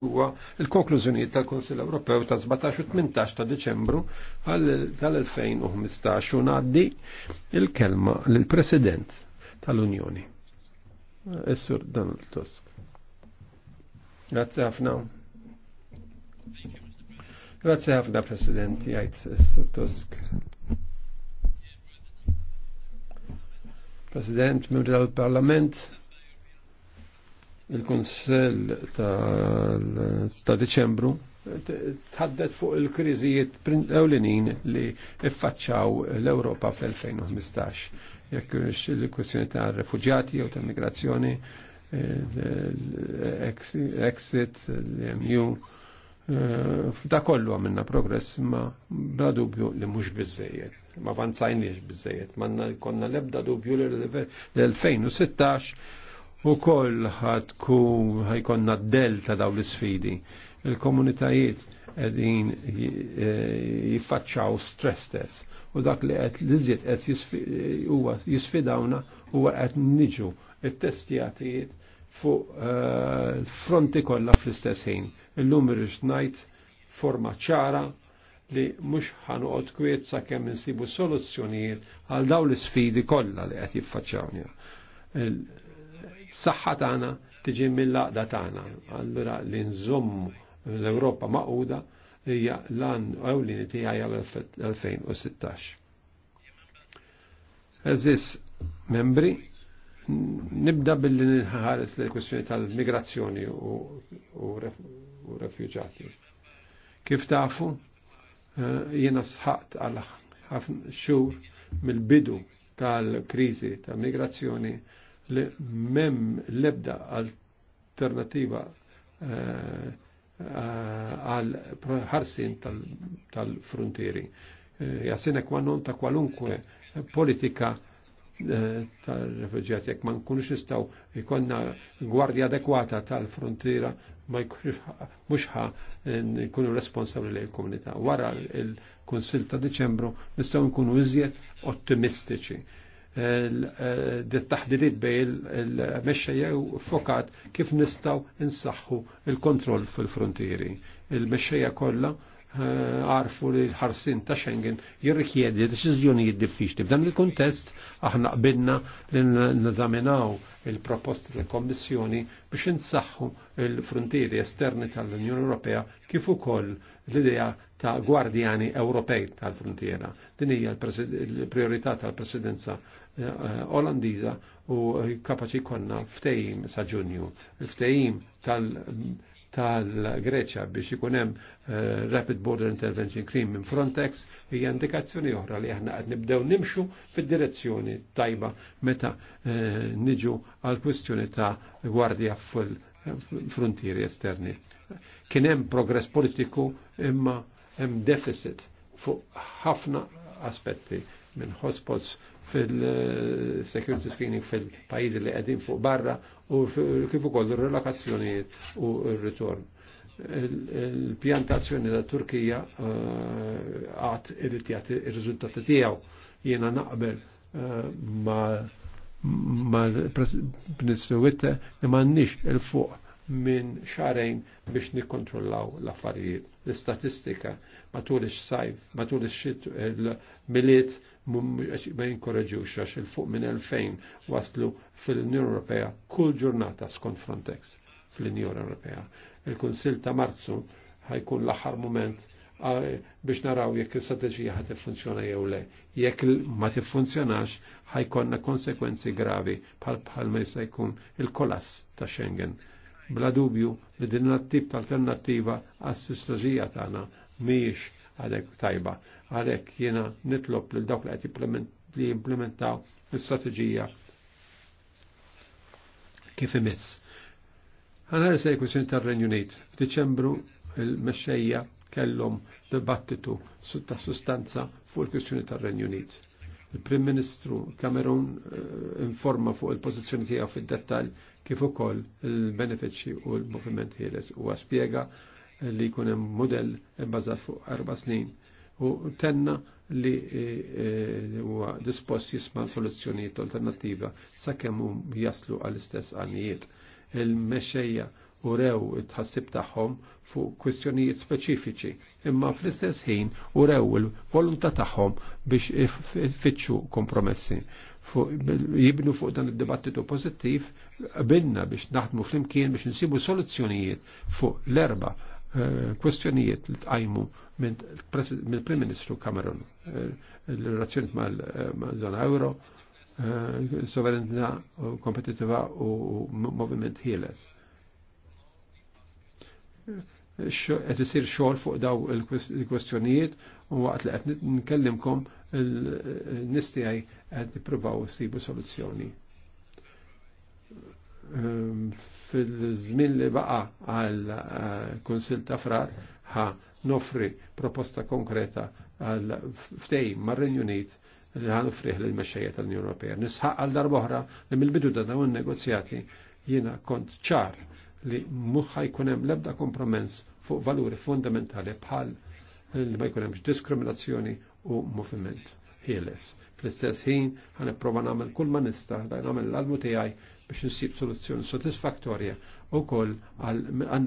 huwa il-konklużjonijiet tal-Konsil Ewropew ta' 17 u 18 ta' Deċembru tal-2015 u ngħaddi il-kelma lill-President tal-Unjoni. Is-Sur Donald Tusk. Grazzi ħafna. Grazzi ħafna President jgħid is-Sur Tusk. President, membri tal-Parlament, il-Kunsell ta' Deċembru tħaddet fuq il-kriżijiet ewlenin li iffaċċaw l-Ewropa fl-2015. Jekk il-kwestjoni ta' refugjati jew ta' migrazzjoni, exit, l-MU, da kollu għamilna progress ma bla dubju li mux bizzejiet, ma vanzajniex bizzejiet, ma' konna lebda dubju li l-2016 u koll ħatku ħajkonna d-del ta' daw l-sfidi. Il-komunitajiet edin e, jiffaċċaw stress test u dak li għed liżiet għed jisfidawna u għed niġu il-testijatijiet fuq e, fronti kollha fl-istess ħin. Illum irrix ngħid forma ċara li mhux ħanoqgħod kwiet sa kemm insibu soluzzjonijiet għal dawn l-isfidi kollha li qed jiffaċċawni s-saħħa tagħna tiġi mill-laqda tagħna. Allura li nżomm l-Ewropa maquda hija l-an ewlieni tiegħi għal-2016. Eżis membri, nibda billi nħares l kwestjoni tal-migrazzjoni u refugjati. Kif tafu, eh, jiena sħaqt għal ħafna xhur mill-bidu tal-kriżi tal-migrazzjoni li mem lebda alternativa eh, għal ħarsin tal-frontieri. ma eh, non ta' kwalunkwe politika eh, tal-refugjati, jek ma nkunux nistaw ikonna gwardja adekwata tal-frontiera ma muxħa nkunu responsabli li l komunità Wara il-Konsil ta' Deċembru nistaw nkunu iżjed ottimistiċi dit-taħdidiet bej il-mexxejja u fokat kif nistgħu insaħħu il-kontroll fil-frontieri. Il-mexxejja kollha Eh, għarfu li l-ħarsin ta' Schengen jirrikjedi deċiżjonijiet diffiċli. F'dan il-kontest aħna qbidna li nazaminaw il-proposti tal kommissjoni biex insaħħu il-frontieri esterni tal-Unjoni Ewropea kif ukoll l-idea ta' gwardjani Ewropej tal-frontiera. Din hija l-priorità tal-Presidenza eh, Olandiża u kapaċi konna ftejim sa' Ġunju. Il-ftehim tal- tal-Greċja biex ikun hemm eh, Rapid Border Intervention Cream minn Frontex hija indikazzjoni oħra li aħna qed nibdew nimxu fid-direzzjoni tajba meta eh, niġu għal kwistjoni ta' gwardja fil-frontieri esterni. Kien hemm progress politiku imma hemm deficit fuq ħafna aspetti minn hotspots fil-security screening fil-pajizi li għedin fuq barra u kif ukoll il-relokazzjonijiet u il-ritorn. Il-pjantazzjoni ta' Turkija eh, għat irrit jagħti r-riżultati tiegħu jiena naqbel eh, ma' ma' Prince Witte li nix il-fuq minn xarejn biex nikkontrollaw l-affarijiet. L-istatistika matul ix-sajf, matul xit il-miliet ma jinkoraġux għax il-fuq minn 2000 waslu fil-Unjoni Ewropea kull ġurnata skont Frontex fl-Unjoni Ewropea. Il-Kunsil ta' Marzu ħajkun l-aħħar moment biex naraw jekk il-strategija ħat tiffunzjona jew le. Jekk ma tiffunzjonax ħajkonna konsekwenzi gravi bħal bħal ma jista' jkun il-kolass ta' Schengen Bla dubju li din tip tal-alternattiva għas-sistraġija tagħna mhijiex għalek tajba. Għalhekk jiena nitlob lil dawk li qed jimplementaw l-istrateġija kif imiss. Għanħar se jkun sin tar-Renju Unit. F'Diċembru il-mexxejja kellhom dibattitu ta' sustanza fuq il-kwistjoni tar-Renju Unit il-Prim Ministru Cameron eh, informa fuq il-pozizjoni tiegħu fid-dettall kif ukoll il-benefiċċji u l-moviment ħieles u spjega li jkun hemm mudell bbażat fuq erba' snin u tenna li e, e, huwa dispost jisma' soluzzjonijiet alternattiva sakemm hum jaslu għall-istess għanijiet. Il-mexxejja u rew it-ħassib tagħhom fuq kwistjonijiet speċifiċi, imma fl-istess ħin u rew il-volontà tagħhom biex ifittxu kompromessi jibnu fuq dan il dibattitu pozittiv binna biex naħdmu fl-imkien biex nsibu soluzzjonijiet fuq l-erba eh, kwestjonijiet li tqajmu minn prim Ministru Cameron eh, l-relazzjoniet mal eh, zona euro, sovranità kompetitiva u moviment ħieles qed isir xogħol fuq daw il-kwestjonijiet u waqt li qed nkellimkom n-nies tiegħi qed s-sibu soluzzjoni. Ehm, fil-żmien li baqa għal eh, konsil ta' Frar ħa nofri proposta konkreta għal ftej mar-Renju Unit li ħan uffriħ l-mexxejja tal-Unjoni Ewropea. Nisħaq għal darboħra li mill-bidu da dawn negozjati jiena kont ċar li mhux ħajkun hemm l-ebda kompromess fuq valuri fundamentali bħal li ma jkun hemmx diskriminazzjoni u moviment ħieles. Fl-istess ħin ħan nipprova nagħmel kull ma nista' dan nagħmel l-almu tiegħi biex insib soluzzjoni sotisfaktorja u koll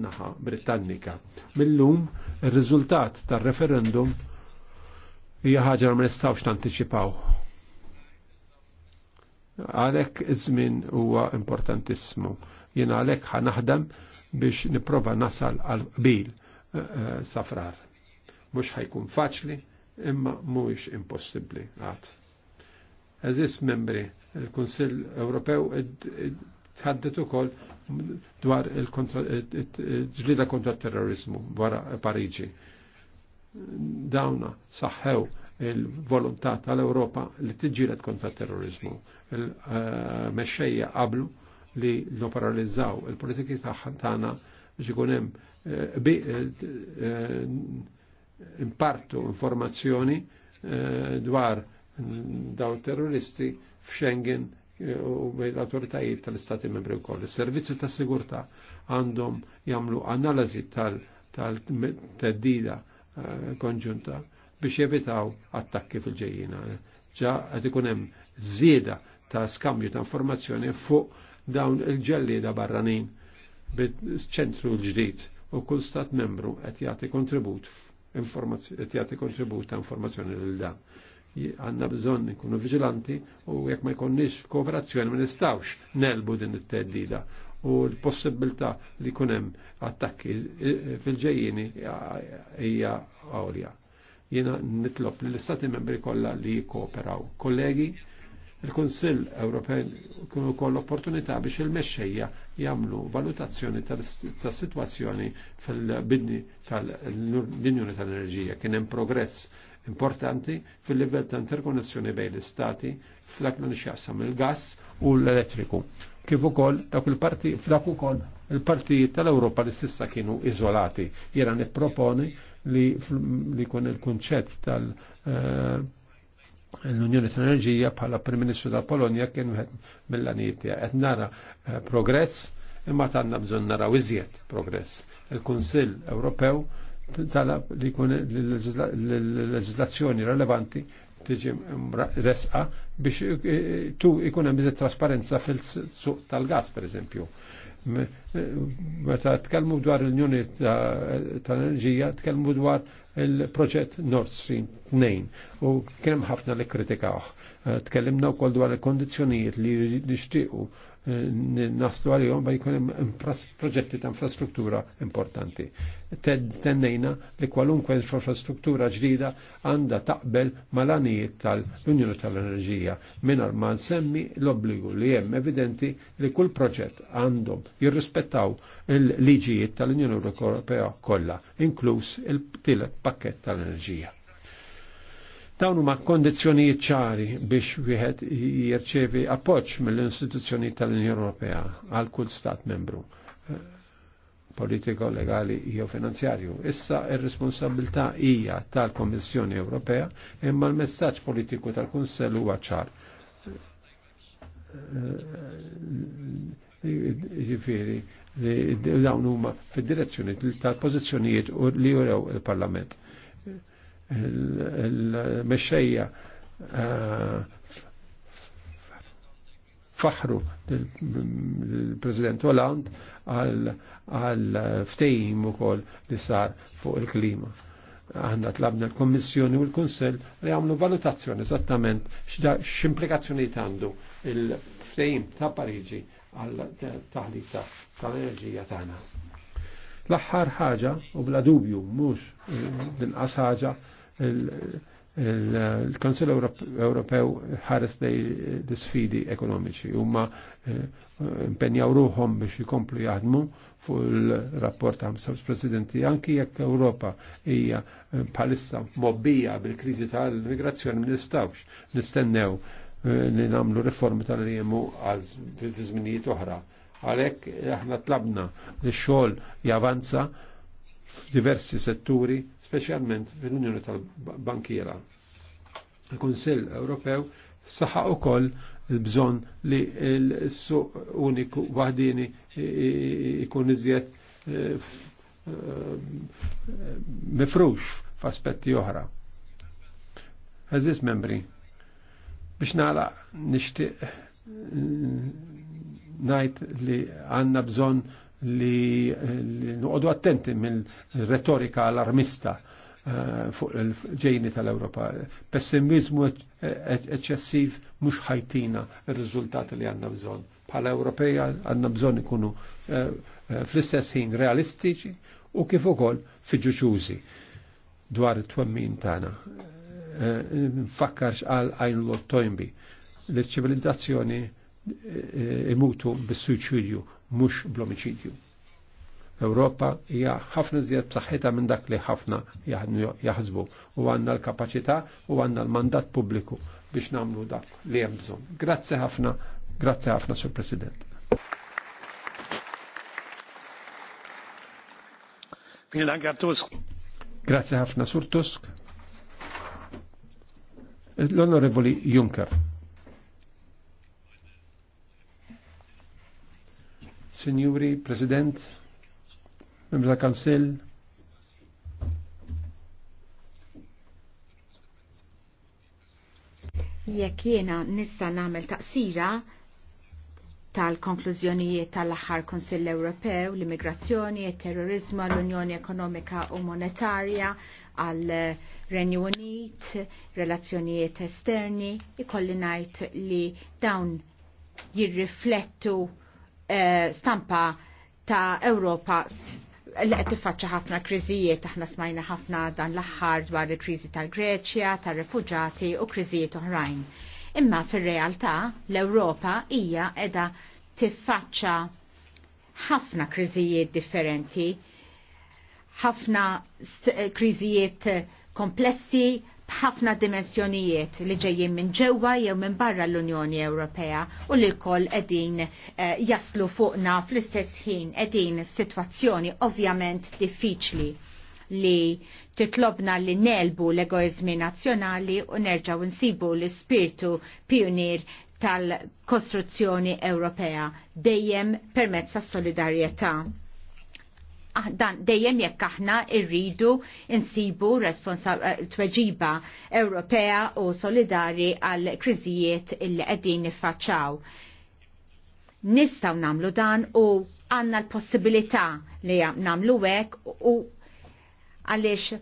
naħa Britannika. Millum, ir-riżultat tar referendum hija ħaġa ma nistgħux tantiċipaw. Għalhekk iż-żmien huwa importantissimu. Jien għalhekk ħanaħdem biex nipprova nasal għal qbil eh, eh, safrar. Mux ħajkun faċli, imma mhuwiex impossibbli għad. Eżis membri, il-Kunsill Ewropew tħaddet ukoll dwar il-ġlida kontra terrorizmu wara Pariġi. Dawna saħħew il-volontà tal-Europa li tiġġieled kontra terrorizmu. Il-mexxejja qablu li noparalizzaw il-politiki tagħna biex ikun hemm eh, eh, eh, impartu informazzjoni eh, dwar daw terroristi f'Schengen eh, u l-autoritajiet tal-Istati membri u koll. Servizzi ta' sigurta għandhom jamlu analizi tal-teddida eh, konġunta biex jevitaw attakki fil-ġejjina. Ġa għad ikunem zieda ta' skambju ta' informazzjoni fuq dawn il-ġellida barranin bit-ċentru l-ġdid u kull stat membru qed jagħti kontribut jagħti kontribut ta' informazzjoni lil dan. Għanna bżonn nkunu vigilanti u jekk ma jkunniex kooperazzjoni ma nistgħux nelbu din it-teddida u l-possibilità li kunem attakki fil-ġejjini hija għawlja. Jena nitlob li l-istati membri kollha li jikkooperaw. Kollegi, il Ewropej Ewropew wkoll koll opportunità biex il-mexxejja jagħmlu valutazzjoni tal sitwazzjoni fil-bidni tal-Unjoni tal-Enerġija. Kien hemm progress importanti fil-livell ta' interkonnessjoni bejn l-istati flak li xjaqsam il-gass u l-elettriku. Kif ukoll dak il-parti flak ukoll il-partijiet tal-Ewropa li sissa kienu iżolati. Jiena nipproponi li li kun il-kunċett tal- uh, l-Unjoni tal-Enerġija bħala Prim Ministru ta' Polonja kien wieħed mill-għanijiet qed nara eh, progress imma tanna bżonn naraw iżjed progress. Il-Kunsill Ewropew talab li jkun l-leġislazzjoni relevanti tiġi resqa biex eh, tu ikun hemm trasparenza fil-suq tal-gas pereżempju meta tkellmu dwar l-Unjoni tal-Enerġija, tkellmu dwar il-proġett Nord Stream 2 u kien ħafna li kritikaħ. Eh, tkellimna wkoll dwar il-kondizzjonijiet li nixtiequ Eh, naslu għalihom ma jkun proġetti ta' infrastruttura importanti. Tennejna li kwalunkwe infrastruttura ġdida għandha taqbel malanijiet tal-Unjoni tal-Enerġija mingħajr ma nsemmi l-obbligu li hemm evidenti li kull proġett għandhom jirrispettaw il-liġijiet tal-Unjoni Ewropea kollha, inkluż il-tielet pakket tal-enerġija. Dawn huma kondizzjonijiet ċari biex wieħed jirċevi appoġġ mill-istituzzjoni tal-Unjoni Ewropea għal kull stat membru eh, politiko, legali jew finanzjarju. Issa ir-responsabilità hija tal-Kommissjoni Ewropea imma l-messaġġ politiku tal-Kunsell huwa ċar. Eh, eh, Ġifieri li dawn huma fid-direzzjoni tal-pożizzjonijiet li jurew il-Parlament il-mexxejja eh, faħru l-President Hollande għal ftejim u kol li sar fuq il-klima. Għanna tlabna l-Kommissjoni u l-Kunsel li għamlu valutazzjoni esattament x'implikazzjoni għandu il-ftejim ta' Pariġi għal taħlita tal-enerġija tagħna. L-aħħar ħaġa u bla dubju mhux l-inqas ħaġa il konsil Ewropew ħares dej l-sfidi ekonomiċi. Huma eh, impenjaw ruhom biex jkomplu jaħdmu fuq l rapport ta' Sabs presidenti anki jekk Ewropa hija eh, bħalissa mobbija bil-kriżi tal-migrazzjoni ma nistennew eh, li nagħmlu riformi tal għaz għal żminijiet oħra. Għalhekk aħna tlabna li xol xogħol javanza f'diversi setturi speċjalment fil-Unjoni tal-Bankiera. Il-Kunsill Ewropew saħaq ukoll il-bżon li l-suq uniku wahdini ikun iżjed eh, eh, mifrux f'aspetti oħra. Eżis membri, biex nara nishtiq najt li għanna bżon li, li nuqodu attenti mill retorika alarmista eh, fuq il-ġejni tal-Europa. Pessimizmu eċċessiv mhux ħajtina r-riżultati li għandna bżonn. Bħala Ewropeja għandna bżonn ikunu eh, eh, fl-istess ħin realistiċi u kif ukoll fiġuċużi dwar it-twemmin tagħna. Nfakkarx għal għajn l-ottojnbi. L-ċivilizzazzjoni imutu bis-suċidju mux bl-omicidju. Europa hija ħafna żjed b'saħħitha minn dak li ħafna jaħsbu u għandna l-kapaċità u għandna l-mandat pubbliku biex nagħmlu dak li hemm bżonn. Grazzi ħafna, grazzi ħafna sur President. Grazie ħafna sur Tusk. L-Onorevoli Juncker. Signori, President, membri tal Kansell, Jekk jiena nista' nagħmel taqsira tal-konklużjonijiet tal-aħħar Kunsill Ewropew, l-immigrazzjoni, terrorizmu, l-Unjoni Ekonomika u Monetarja, għal Renju Unit, relazzjonijiet esterni, ikolli ngħid li dawn jirriflettu Eh, stampa ta' Ewropa li qed tiffaċċa ħafna kriżijiet aħna smajna ħafna dan l-aħħar dwar il-kriżi tal-Greċja, tar-refuġati u kriżijiet oħrajn. Imma fir-realtà l-Ewropa hija qiegħda tiffaċċa ħafna kriżijiet differenti, ħafna kriżijiet komplessi, b'ħafna dimensjonijiet li ġejjin minn ġewwa jew minn barra l-Unjoni Ewropea u li l qegħdin eh, jaslu fuqna fl-istess ħin qegħdin f'sitwazzjoni ovvjament diffiċli li titlobna li nelbu l-egoizmi nazzjonali u nerġaw nsibu l-spirtu pionir tal-kostruzzjoni Ewropea dejjem permezz tas solidarjetà Ah, dan dejjem jekk aħna irridu insibu eh, tweġiba Ewropea u solidari għal kriżijiet illi qegħdin niffaċċaw. Nistgħu nagħmlu dan u għandna l-possibilità li nagħmlu hekk u għaliex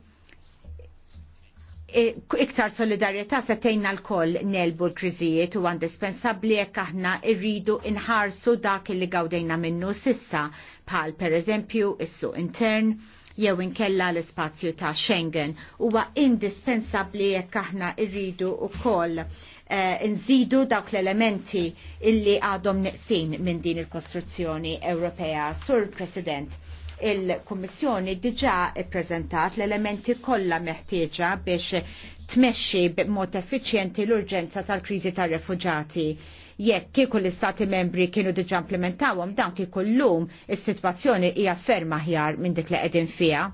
E, iktar solidarjetà se l lkoll nelbu l-kriżijiet huwa indispensabbli jekk aħna rridu inħarsu dak li gawdejna minnu sissa bħal pereżempju is-suq intern jew inkella l-ispazju ta' Schengen huwa indispensabbli jekk aħna rridu wkoll e, nżidu dawk l-elementi illi għadhom neqsin minn din il-kostruzzjoni Ewropea. Sur President, Il-Kummissjoni diġa prezentat l-elementi kollha meħtieġa biex tmexxi b'mod effiċjenti l-urġenza tal-kriżi tar-refuġati. Jekk kieku l-istati membri kienu diġa implementawhom dan kieku llum is-sitwazzjoni hija ferm aħjar minn dik li qegħdin fiha.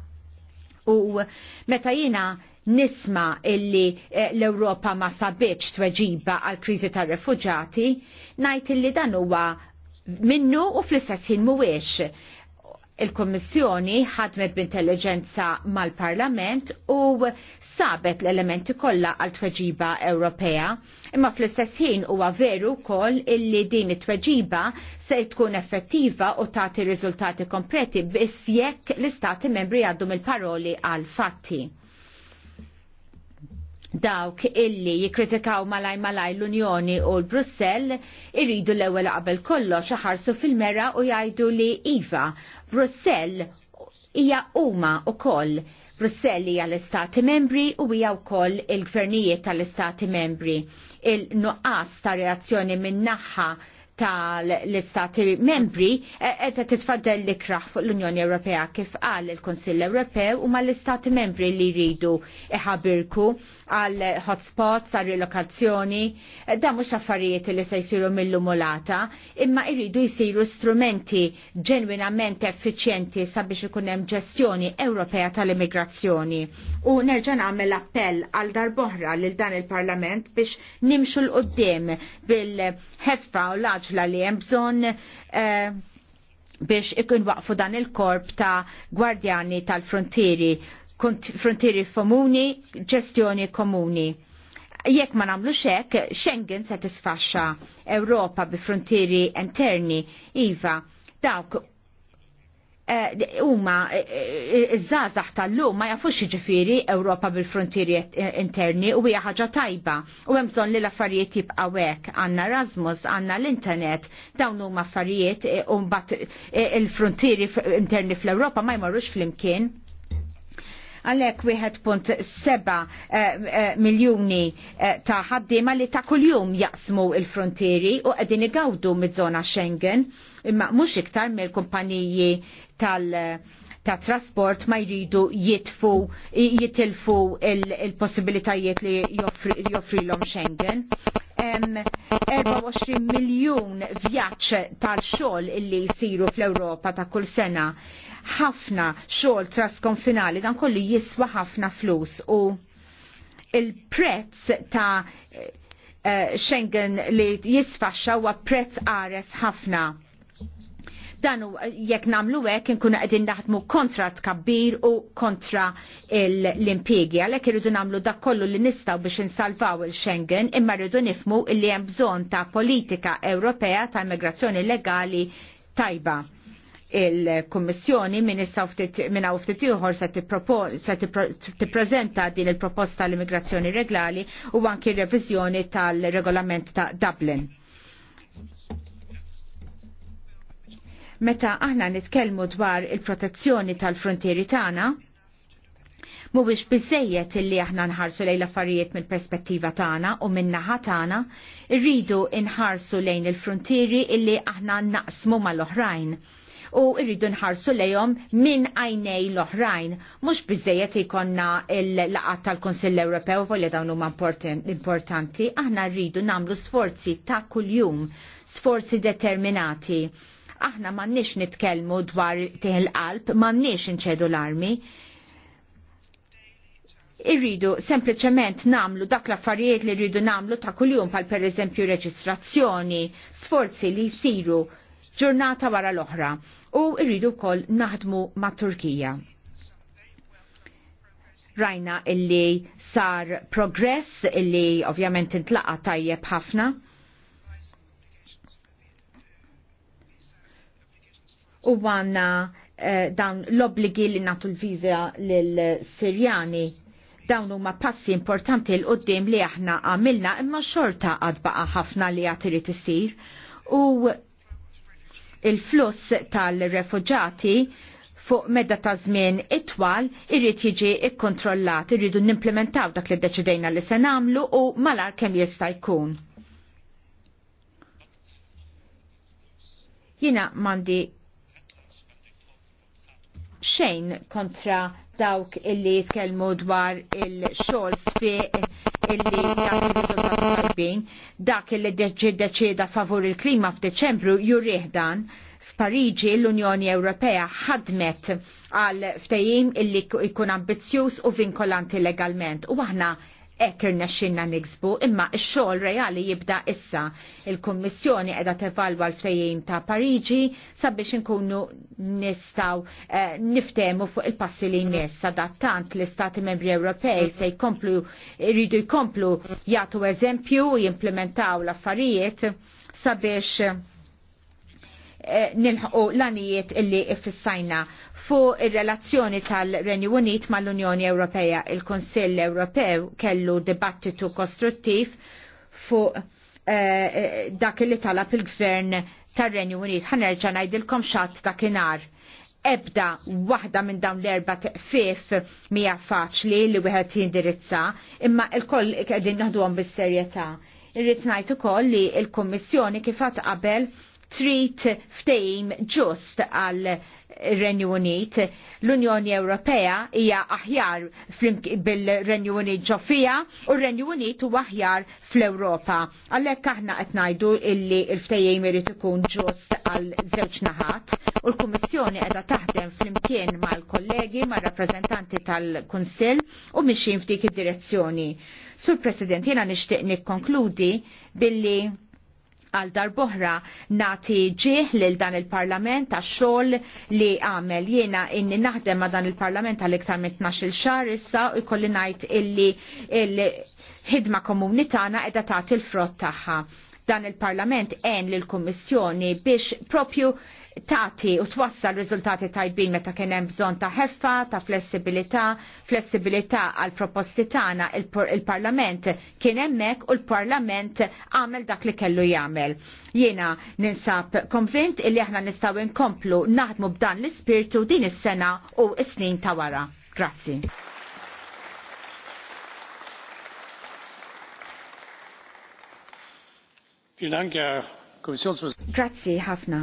U meta jiena nisma illi eh, l-Europa ma sabiċ tweġiba għal kriżi tar refuġati, najt illi dan huwa minnu u fl-istess ħin mhuwiex Il-Kommissjoni ħadmet b'intelligenza mal-Parlament u sabet l-elementi kollha għal tweġiba Ewropea, imma fl-istess ħin huwa veru wkoll illi din it-tweġiba se tkun effettiva u tagħti riżultati kompleti biss jekk l-istati membri għaddu mill-paroli għal fatti dawk illi jikritikaw malaj malaj l-Unjoni u l-Brussell irridu l-ewwel qabel kollox xaħarsu fil-mera u jgħidu li iva, Brussell hija huma koll. Brussell hija l-Istati Membri u hija wkoll il-gvernijiet tal-Istati Membri. Il-nuqqas ta' reazzjoni minn naħħa tal-istati membri e, edha titfaddel li kraħ fuq l-Unjoni Ewropea kif għal il-Konsill Ewropew u mal istati membri li jridu iħabirku għal hotspots, għal relokazzjoni, e, da mux affarijiet li se jisiru mill-lumulata, imma jridu jisiru strumenti ġenwinament effiċjenti sabiex ikun hemm ġestjoni Ewropea tal-immigrazzjoni. U nerġa' nagħmel appell għal darboħra lil dan il-Parlament biex nimxu l-qoddim bil-ħeffa u l maġla li hemm bżonn eh, biex ikun waqfu dan il-korp ta' gwardjani tal-frontieri, frontieri komuni, ġestjoni komuni jekk ma nagħmlux hekk, Schengen se tisfaxxa Ewropa bi frontieri interni, iva, dawk Eh, huma eh, eh, iż żazax tal-lum ma jafux ġifiri Ewropa bil-frontieri interni u hija ħaġa tajba u hemm bżonn li l-affarijiet jibqgħu hekk għandna Erasmus, għandna l-internet, dawn huma affarijiet u mbagħad il-frontieri interni fl-Ewropa ma jmorrux flimkien. Għalek 1.7 miljoni ta' ħaddiema li ta' kuljum jaqsmu il-frontieri u qegħdin igawdu mid-żona Schengen imma mhux iktar mill-kumpaniji tal- ta' trasport ma jridu jitfu, jitilfu il-possibilitajiet il li joffrilom joffri Schengen. Um, 24 miljon vjaċ tal-xol illi jisiru fl-Europa ta' kull sena. ħafna xol trasconfinali dan kollu jiswa ħafna flus u il-prezz ta' uh, Schengen li jisfaxxa huwa prezz qares ħafna Dan jekk nagħmlu hekk inkunu qegħdin naħdmu kontra tkabbir u kontra l-impjegi. Għalhekk irridu nagħmlu dak kollu li nistgħu biex insalvaw il-Schengen, imma rridu nifmu li hemm bżonn ta' politika Ewropea ta' immigrazzjoni legali tajba il-Kommissjoni minn minna ftit ieħor se tippreżenta din il-proposta l-immigrazzjoni reglali u anki r-reviżjoni tal-regolament ta' Dublin. Meta aħna nitkellmu dwar il-protezzjoni tal-frontieri tagħna, mhuwiex biżejjed illi aħna nħarsu lejn l-affarijiet mill-perspettiva tagħna u min-naħa tagħna, irridu nħarsu lejn il-frontieri illi aħna naqsmu mal-oħrajn u irridu nħarsu lejhom minn għajnej l-oħrajn. Mhux biżejjed ikonna l-laqat tal-Kunsill Ewropew folja dawn huma importanti, aħna rridu nagħmlu sforzi ta' kuljum, sforzi determinati aħna m'għandniex nitkellmu dwar il qalb m'għandniex inċedu l-armi. Irridu sempliċement namlu dak l-affarijiet li rridu namlu ta' kuljum pal per eżempju reġistrazzjoni, sforzi li jsiru ġurnata wara l-oħra u rridu wkoll naħdmu mat Turkija rajna illi sar progress illi ovvjament intlaqa tajjeb ħafna u għanna eh, dawn l-obligi li natu l-viza l-Sirjani dawn huma passi importanti l qoddim li aħna għamilna imma xorta għad baqa ħafna li għatiri isir. u il-fluss tal-refugġati fuq medda ta' żmien itwal irid jiġi ikkontrollat, irridu nimplementaw dak li deċidejna li se nagħmlu u malar kemm jista' jkun. Jina mandi xejn kontra dawk illi jitkellmu dwar il-xogħol sfi illi jagħti rizultat tajbin, dak illi deċida favur il-klima f'Deċembru jurih dan. F'Pariġi l-Unjoni Ewropea ħadmet għal ftehim illi jkun ambizzjuż u vinkolanti legalment. U aħna ekker naxxinna niksbu, imma x-xogħol reali jibda issa. Il-Kummissjoni qiegħda tevalwa l-ftejjin ta' Pariġi sabiex inkunu nistgħu eh, niftemu fuq il-passi li jmiss tant l-Istati Membri Ewropej se jkomplu jridu jkomplu jagħtu eżempju u jimplementaw l-affarijiet sabiex eh, nilħu l-anijiet illi ifissajna fuq ir-relazzjoni tal-Renju Unit mal-Unjoni Ewropea. Il-Konsill Ewropew kellu dibattitu kostruttiv fuq eh, dak li talab il-Gvern tar-Renju Unit. Ħanerġa' ngħidilkom xatt dakinhar ebda waħda minn dawn l-erba teqfif mija faċli li wieħed jindirizza, imma l koll qegħdin naħduhom bis-serjetà. Irrid ngħid ukoll li l-Kummissjoni kif qabel trid ftejm ġust għal Renju Unit. L-Unjoni Ewropea hija aħjar bil-Renju Unit ġofija u r-Renju Unit huwa aħjar fl-Ewropa. Għalhekk aħna qed ngħidu illi l-ftejim irid ikun ġust għal żewġ naħat u l-Kummissjoni qiegħda taħdem flimkien mal-kollegi, mar-rappreżentanti tal-Kunsill u mixin f'dik id-direzzjoni. Sur President, jiena nixtieq nikkonkludi billi għal darboħra nati ġieħ lil dan il-parlament għax xogħol li għamel jiena inni naħdem ma' dan il-parlament għal iktar minn 12 xahar issa u jkolli ngħid illi il-ħidma komunitana qiegħda tagħti l-frott tagħha. Dan il-Parlament en lill-Kummissjoni biex propju tati u twassal rizultati tajbin meta kien hemm bżonn ta' heffa, ta' flessibilità, flessibilità għal proposti tagħna il-Parlament kien hemmhekk u l-Parlament għamel dak li kellu jagħmel. Jiena ninsab konvint illi aħna nistgħu nkomplu naħdmu b'dan l-ispirtu din is-sena u s-snin ta' wara. Grazzi. Grazzi ħafna.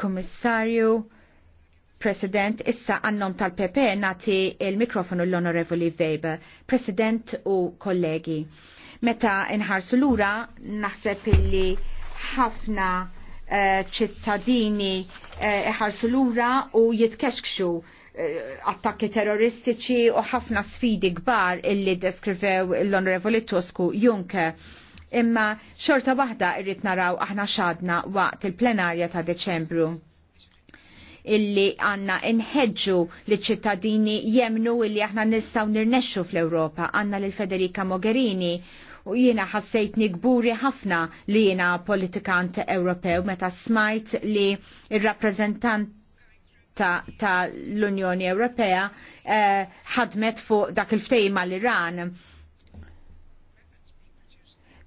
Kommissarju, President, issa għannom tal-PP nati il-mikrofonu l-Onorevoli Weber. President u kollegi, meta inħarsu lura naħseb illi ħafna eh, ċittadini eh, iħarsu l lura u jitkexkxu Eh, attakki terroristiċi u ħafna sfidi kbar illi deskrivew l-Onorevoli Tusku Juncker. Imma xorta waħda irrit naraw aħna xadna waqt il-plenarja ta' Deċembru illi għanna inħedġu li ċittadini jemnu illi aħna nistaw nirnexxu fl-Ewropa għanna lil Federica Mogherini u jiena ħassejt nikburi ħafna li jiena politikant Ewropew meta smajt li il-rappresentant tal-Unjoni Ewropea Ewropea eh, ħadmet fuq dak il-ftejim mal-Iran.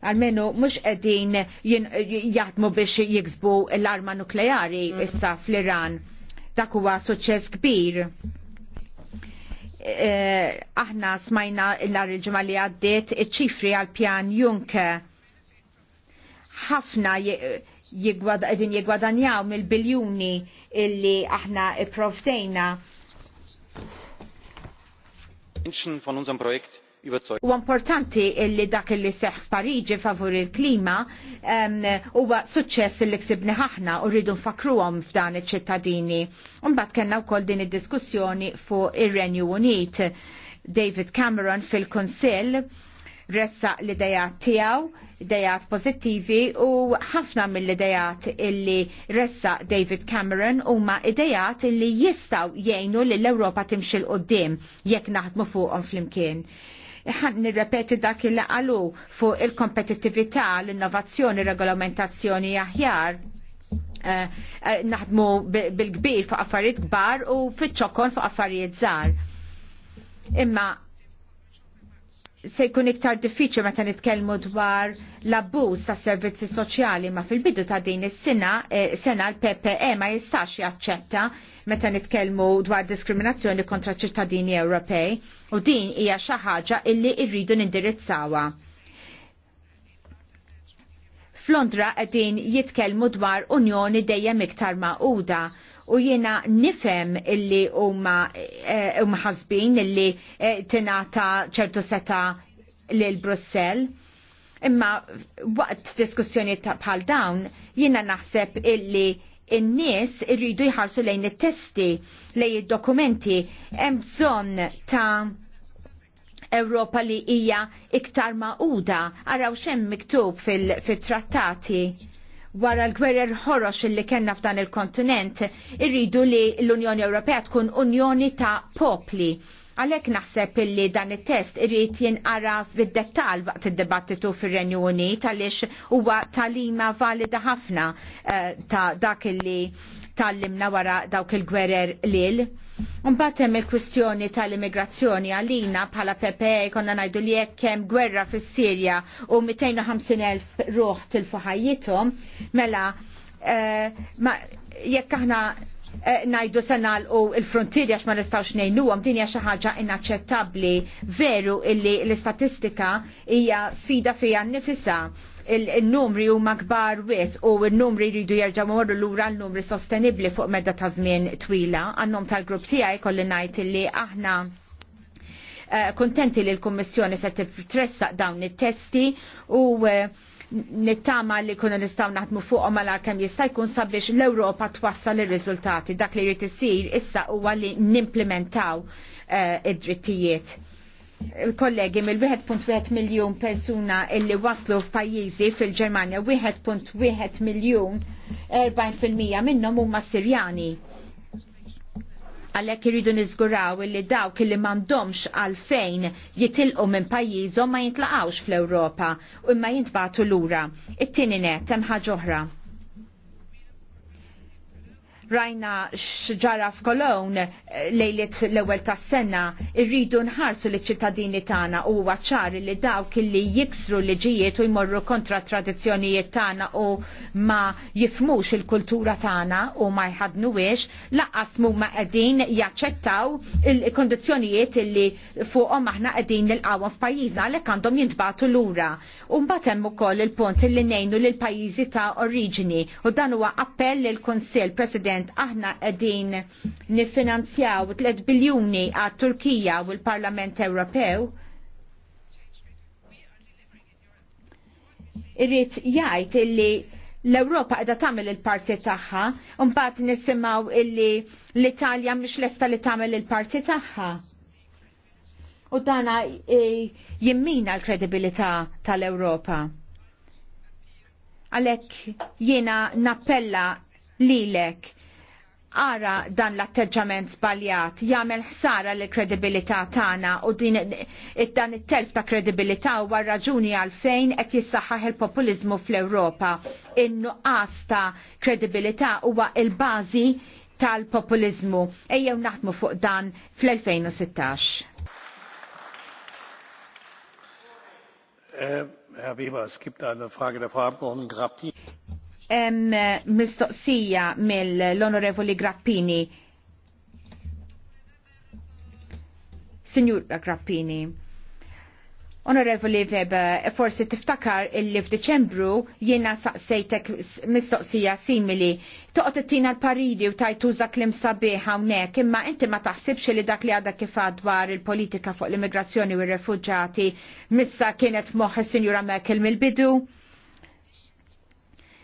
Almenu mux edin jaħdmu biex jiksbu l-arma nukleari issa fl-Iran. Dak huwa suċċess kbir. Eh, aħna smajna l-ar il-ġimma li għaddiet iċ-ċifri għal-pjan Juncker ħafna jigwadin jaw mill-biljuni illi aħna provdejna. von Projekt U importanti illi dak illi seħ f'Pariġi favur il-klima huwa um, suċċess illi ksibni ħahna u rridu nfakruhom f'dan iċ-ċittadini. Mbagħad kellna wkoll din id-diskussjoni fuq ir-Renju Unit. David Cameron fil-Kunsill ressa l idejat tiegħu dejat pozittivi u ħafna mill-idejat illi ressa David Cameron huma idejat illi jistaw jgħinu li l europa timxil qoddim jekk naħdmu fuqhom flimkien. Ħan nirrepeti dak il qalu fuq il-kompetittività, l-innovazzjoni, regolamentazzjoni aħjar eh, eh, naħdmu bil-kbir fuq affarijiet kbar u fiċ fuq affarijiet żgħar. Imma se jkun iktar diffiċli meta nitkellmu dwar l-abbuż tas servizzi soċjali ma fil-bidu ta' din is-sena eh, sena l-PPE ma jistax jaċċetta meta nitkellmu dwar diskriminazzjoni kontra ċittadini Ewropej u din hija xi ħaġa illi rridu nindirizzawha. Flondra qegħdin jitkellmu dwar Unjoni dejjem iktar Magħquda u jiena nifem illi huma eh, ħasbin um illi eh, tingħata ċertu seta lil Brussell. Imma waqt diskussjoni bħal dawn jiena naħseb illi in-nies irridu jħarsu lejn it-testi, lejn id-dokumenti, hemm bżonn ta' Ewropa li hija iktar maquda, araw xem miktub fil-trattati. Fil wara l-gwerer ħorox li kellna f'dan il-kontinent, irridu li l-Unjoni Ewropea tkun Unjoni ta' popli. Għalek naħseb illi dan il-test irrit jinqara fid-dettal waqt id debattitu fir-Renju Unit għaliex huwa talima valida ħafna eh, ta' dak illi tal-limna wara dawk il-gwerer lil. Unbatem il-kwistjoni tal-immigrazzjoni għalina bħala PPE konna najdu li jekkem gwerra fis sirja u 250.000 ruħ til-fuħajjitom, mela uh, ma, jekk aħna eh, najdu sanal u il frontiri għax ma nistawx nejnu għam dinja xaħġa inaċċettabli veru illi l-istatistika hija sfida fija nifisa il-numri huma kbar wis u il numri jridu jerġa' morru lura l-numri sostenibbli fuq medda ta' żmien twila. Għannom tal-grupp tijaj kolli ngħid li aħna eh, kontenti li l-Kummissjoni se titressaq dawn it-testi u eh, nittama li kuna nistaw naħdmu fuq mal kem jista' jkun sabiex l-Ewropa twassal ir-riżultati. Dak li jrid isir issa huwa li nimplementaw eh, id-drittijiet kollegi mill-1.1 miljon persuna illi waslu f'pajjiżi fil-Ġermanja 1.1 miljon 40% minnhom huma Sirjani. Għalhekk iridu niżguraw illi dawk illi m'għandhomx għalfejn jitilqu minn pajjiżhom ma jintlaqgħux fl-Ewropa u imma jintbagħtu lura. It-tieni net hemm ħaġa oħra Rajna xġara f'Kolon eh, lejlet l-ewwel tas-sena irridu nħarsu li ċittadini tagħna u għacċar li dawk li jiksru liġijiet u jmorru kontra tradizzjonijiet tagħna u ma jifmux il-kultura tagħna u ma jħadnuwiex mu ma qegħdin jaċċettaw il kondizjonijiet li fuqhom aħna qegħdin nilqawhom f'pajjiżna għalhekk għandhom jintbagħtu lura. U mbagħad hemm ukoll il-punt li ngħinu l pajjiżi ta' oriġini u dan huwa appell lill kunsill President President, aħna qegħdin nifinanzjaw 3 biljuni għat Turkija u l-Parlament Ewropew. Irrid jgħid illi l-Ewropa qiegħda tagħmel il-parti tagħha, u mbagħad nisimaw illi l-Italja l lesta li tagħmel il-parti tagħha. U dana e, jimmina l-kredibilità tal-Ewropa għalek jena nappella lilek ara dan l-atteġġament żbaljat jagħmel ħsara li kredibilità tagħna u din dan it-telf ta' kredibilità huwa raġuni għalfejn qed jissaħħaħ il-populiżmu fl-Ewropa. In-nuqqas ta' kredibilità huwa il-bażi tal-populiżmu. Ejjew naħdmu fuq dan fl-2016. Äh, Herr Weber, es gibt eine Frage der Frau Abgeordneten Grappi. Eh, mistoqsija mill-Onorevoli Grappini. Signor Grappini, Onorevoli Weber, forsi tiftakar li f'Deċembru jiena saqsejtek mistoqsija simili. Toqgħod ittina l paridi u tajtuża klim sabiħ hawnhekk, imma inti ma taħsibx li dak li għadha kif dwar il-politika fuq l-immigrazzjoni u r-refuġġati missa kienet moħħ is-Sinjura Merkel mill-bidu?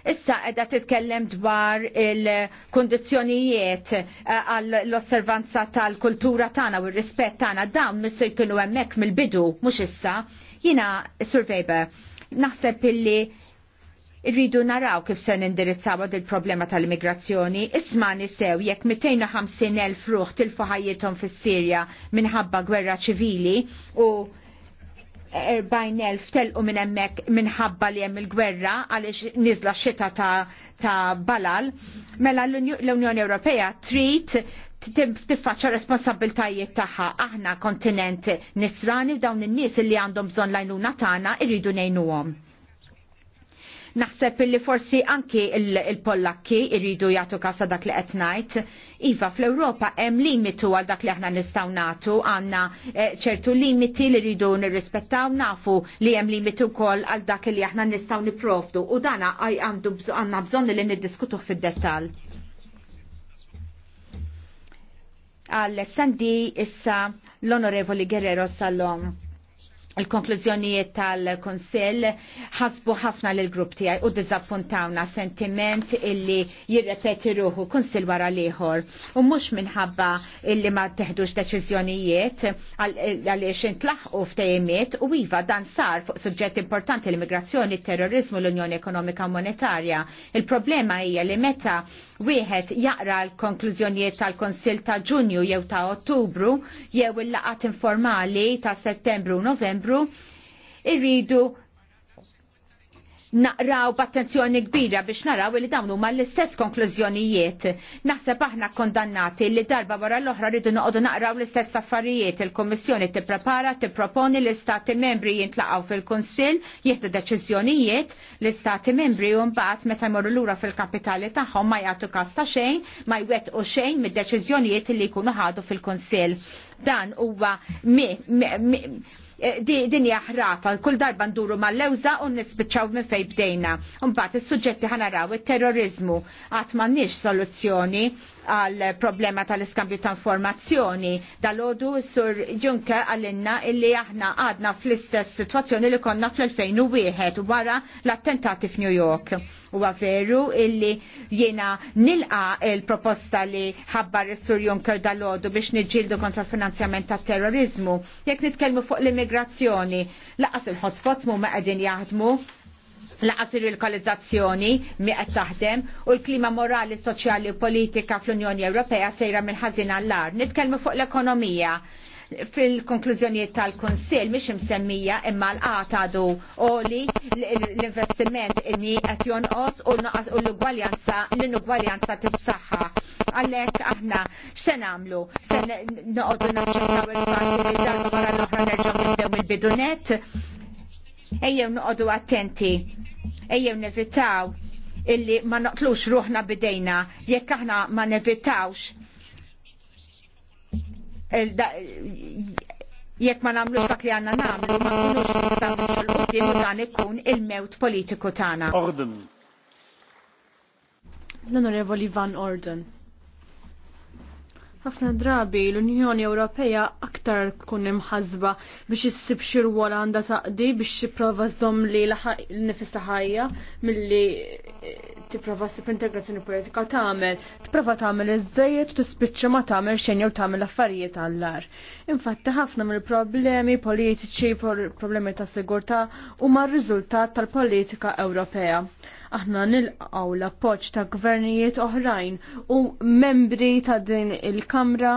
Issa edha titkellem dwar il-kondizjonijiet eh, għall-osservanza tal-kultura tagħna u r-rispett tagħna dawn missu jkunu hemmhekk mill-bidu mhux issa. Jiena survejba naħseb illi irridu naraw kif se nindirizzaw il problema tal-immigrazzjoni, isma nisew jekk 250.000 ruħ tilfu ħajjithom fis-Sirja minħabba gwerra ċivili u 40.000 telqu minn hemmhekk minħabba li hemm il-gwerra għaliex nizla xita ta', ta balal, mela l-Unjoni Ewropea trid tiffaċċa responsabiltajiet tagħha aħna kontinent nisrani f'dawn in-nies li għandhom bżonn lajnuna tagħna irridu ngħinuhom. Naħseb illi forsi anki il-Pollakki irridu jagħtu kasa dak li qed ngħid. Iva fl-Ewropa hemm limitu għal dak li aħna nistgħu nagħtu, għandna eh, ċertu limiti li rridu nirrispettaw nafu li hemm limitu wkoll għal dak li aħna nistgħu niprofdu u dana għandna bżonn li niddiskutuh fid-dettall. Għal-Sandi issa l-Onorevoli Guerrero Salom il-konklużjonijiet tal-Konsell ħasbu ħafna l grupp tiegħi u dizappuntawna sentiment illi jirrepeti ruħu kunsil wara liħor. U mhux minħabba illi ma teħdux deċiżjonijiet għaliex intlaħqu f'tejmiet u iva dan sar fuq suġġett importanti l-immigrazzjoni, terrorizmu, l-Unjoni Ekonomika Monetarja. Il-problema hija li meta wieħed jaqra l-konklużjonijiet tal-Konsil ta' Ġunju jew ta' Ottubru jew il-laqat informali ta' Settembru u Novembru membru irridu naqraw b'attenzjoni kbira biex naraw li dawn huma l-istess konklużjonijiet. Naħseb aħna kkondannati li darba wara l-oħra rridu noqogħdu naqraw l-istess affarijiet. Il-Kummissjoni tipprepara, tipproponi l-Istati membri jintlaqgħu fil-Kunsill, jieħdu deċiżjonijiet, l-Istati membri u mbagħad meta jmorru lura fil-kapitali tagħhom ma jagħtu każ ta' xejn, ma jwettqu xejn mid-deċiżjonijiet li jkunu ħadu fil-Kunsill. Dan huwa Eh, din jaħrafa, kull darba nduru mal-lewza u nispiċċaw minn fej bdejna. Imbagħad is-suġġetti ħanaraw it-terrorizmu għad m'għandniex soluzzjoni għal problema tal-iskambju ta' informazzjoni. Dal-ħodu sur Juncker għallinna illi aħna għadna fl-istess situazzjoni li konna fl-2001 wara l-attentati f'New York. U veru illi jena nilqa il-proposta li ħabbar sur Juncker dal-ħodu biex nġildu kontra l-finanzjament ta' terrorizmu. Jek nitkelmu fuq l-immigrazzjoni, laqas il-hotspots mu ma' għedin jaħdmu laqas il-kolizzazzjoni mi qed taħdem u l-klima morali, soċjali u politika fl-Unjoni Ewropea sejra mill-ħażin għall-ar. Nitkellmu fuq l-ekonomija fil-konklużjonijiet tal-Konsil mhix imsemmija imma l-qata għadu oli l-investiment inni qed jonqos u l-ugwaljanza l-inugwaljanza tis-saħħa. Għalhekk aħna x'se nagħmlu? Se noqogħdu naċċettaw il-fatt li dan wara l-oħra nerġgħu nibdew mill bidunet ejjew noqogħdu attenti, ejjew nevitaw illi ma noqtlux ruħna bidejna jekk aħna ma nevitawx jekk ma nagħmlu dak li għandna nagħmlu ma nkunux nistgħu li dan ikun il-mewt politiku tagħna. Orden. L-Onorevoli Van Orden ħafna drabi l-Unjoni Ewropea aktar tkun imħazba biex issib xi rwol għandha taqdi biex tipprova żomm li l-nifis ħajja milli eh, tipprova ssib integrazzjoni politika tagħmel, tipprova tagħmel iżejjed tispiċċa ma tagħmel xejn jew tagħmel affarijiet għall-ar. Infatti ħafna mill-problemi politiċi, problemi ta' sigurtà huma r-riżultat tal-politika Ewropea. Aħna nilqaw l-appoġġ ta' gvernijiet oħrajn u membri ta' din il-Kamra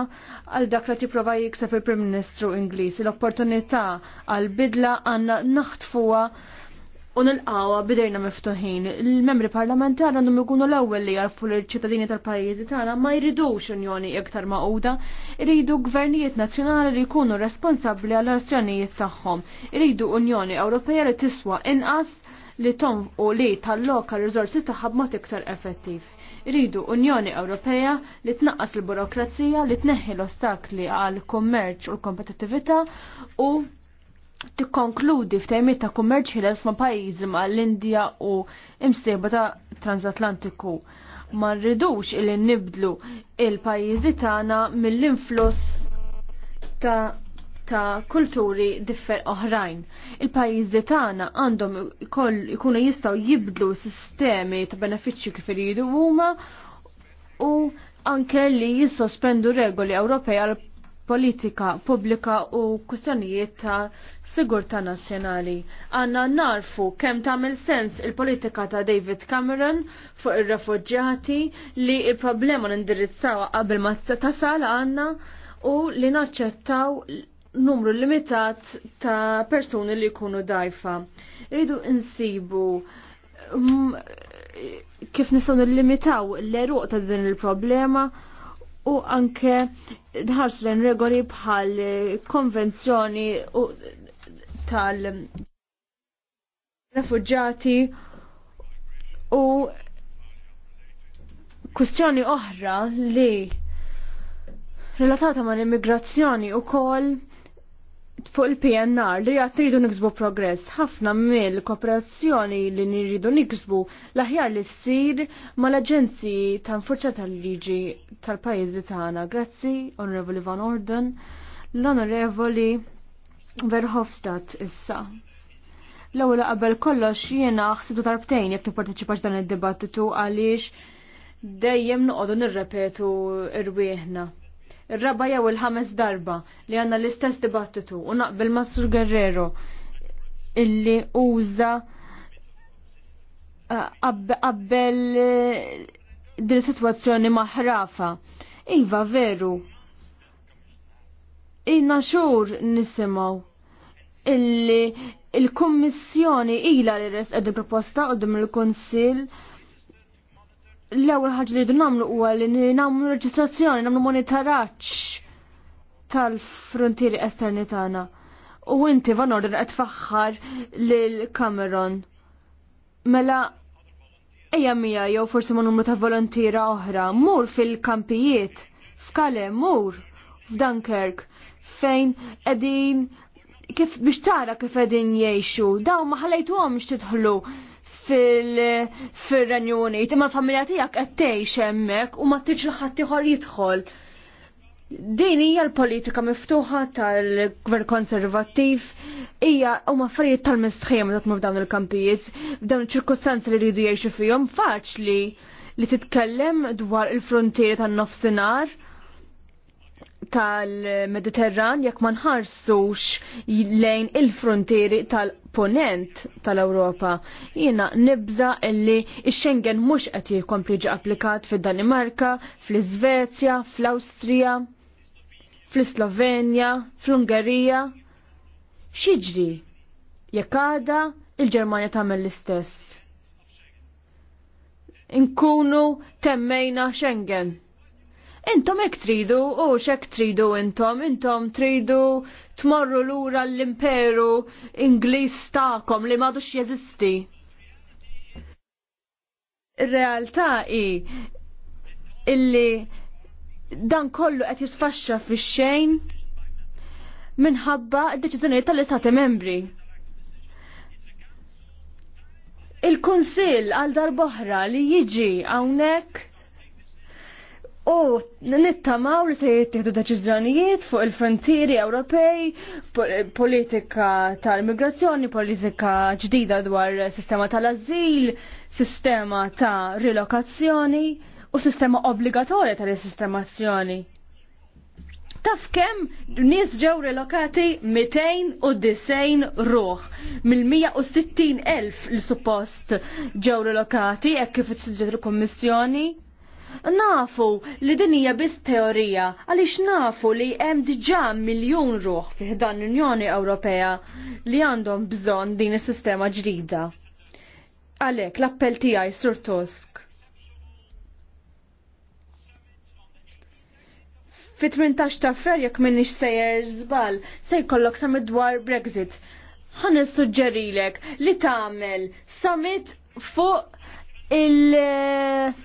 għal dak li tipprova jikseb il-Prim Ministru Ingliż. L-opportunità għal bidla għandna naħtfuha U nilqawa bidejna miftuħin. Il-membri parlamentari għandhom ikunu l-ewwel li jarfu l ċittadini tal-pajjiżi tagħna ma jridux unjoni iktar maquda, iridu gvernijiet nazzjonali li jkunu responsabbli għall azzjonijiet tagħhom. Iridu Unjoni Ewropea li tiswa inqas li tom u li tal-loka rizorsi taħab mod iktar effettiv. Ridu Unjoni Ewropea li tnaqqas l-burokrazija li tneħħi l-ostakli għal kummerċ u l-kompetittività u tikkonkludi f'tejmiet ta' kummerċ ħiles ma' pajjiżi ma' l-Indja u imsieba ta' transatlantiku. Ma rridux il nibdlu il-pajjiżi tagħna mill-influss ta' ta' kulturi differ oħrajn. Il-pajjiżi tagħna għandhom ikunu jistgħu jibdlu sistemi ta' benefiċċju kif iridu huma u anke li jissospendu regoli Ewropej għal politika pubblika u kustjonijiet ta' sigurta nazzjonali. Għanna narfu kemm tagħmel sens il-politika ta' David Cameron fuq ir refugġati li il-problema nindirizzawa qabel ma tasal għandna u li naċċettaw numru limitat ta' persuni li jkunu dajfa. Iridu insibu mm, kif nistgħu nillimitaw l-eruq ta' din il-problema u anke dħarslen regoli bħal konvenzjoni tal-refugġati u kustjoni oħra li relatata ma' l-immigrazzjoni u koll fuq il-PNR li għat tridu niksbu progress ħafna mill kooperazzjoni li nirridu niksbu l-aħjar li ssir mal-Aġenzi ta' Nfurċa tal-Liġi tal pajiz li tagħna. Grazzi, Onorevoli Van Orden, l-Onorevoli Verhofstadt issa. L-ewwel qabel kollox jiena ħsibu tarbtejn jekk nipparteċipax dan id-dibattitu għaliex dejjem noqogħdu nirrepetu irwieħna il raba jew il-ħames darba li għandna l-istess dibattitu u naqbel Massur Guerrero illi uża eh, qabbel eh, din situazzjoni maħrafa. Iva veru. Ina xur nisimaw illi il-kommissjoni ila li res proposta għoddim il-konsil l-ewwel ħaġa li jdu nagħmlu huwa li nagħmlu reġistrazzjoni, nagħmlu monitoraġġ tal-frontieri esterni tagħna. U inti van order qed faħħar lil Cameron. Mela ejja mija jew forsi ma' numru ta' volontira oħra, mur fil-kampijiet, f'Kale, mur f'Dunkirk, fejn qegħdin kif biex tara kif qegħdin jgħixu, daw ma ħalejtuhomx x'tidħlu fil-Renju Unit, imma l-familja tiegħek qed tgħix hemmhekk u ma tiġ ħadd ieħor jidħol. Din hija l-politika miftuħa tal-Gvern Konservattiv hija huma affarijiet tal-mistħiem ma f'dawn il-kampijiet, f'dawn iċ-ċirkostanzi li jridu jgħixu fihom faċli li titkellem dwar il-frontieri tan-nofsinhar tal-Mediterran jekk ma nħarsux lejn il-frontieri tal-ponent tal-Ewropa. Jiena nibża illi ix-Schengen mhux qed jikompli ġi applikat fid-Danimarka, fl-Iżvezja, fl-Awstrija, fl-Slovenja, fl-Ungerija. Xiġri jekk għada il-Ġermanja tagħmel l-istess. Inkunu temmejna Schengen Intom ek tridu, u xek tridu intom, intom tridu tmorru lura l-imperu Ingliż ta'kom li m'għadux jeżisti. Ir-realtà hi illi dan kollu qed jisfaxxa fix-xejn minħabba d-deċiżjonijiet tal-Istati Membri. Il-Kunsill għal darboħra li jiġi hawnhekk U nittamaw li se jittieħdu deċiżjonijiet fuq il-frontieri Ewropej, politika tal-immigrazzjoni, politika ġdida dwar sistema tal-azil, sistema ta' rilokazzjoni u sistema obbligatorja tal-sistemazzjoni. Taf kem nis ġew relokati 290 ruħ mill-160 elf li suppost ġew relokati hekk kif tiġġed il-Kummissjoni. Nafu li din hija biss teorija għaliex nafu li hemm diġà miljun ruħ fi dan l-Unjoni Ewropea li għandhom bżonn din is-sistema ġdida. Għalhekk l-appell tiegħi Sur Tusk. fi 18 ta' fer jekk minnix sejjer żbal se jkollok summit dwar Brexit. Ħan suġġerilek li tagħmel summit fuq il-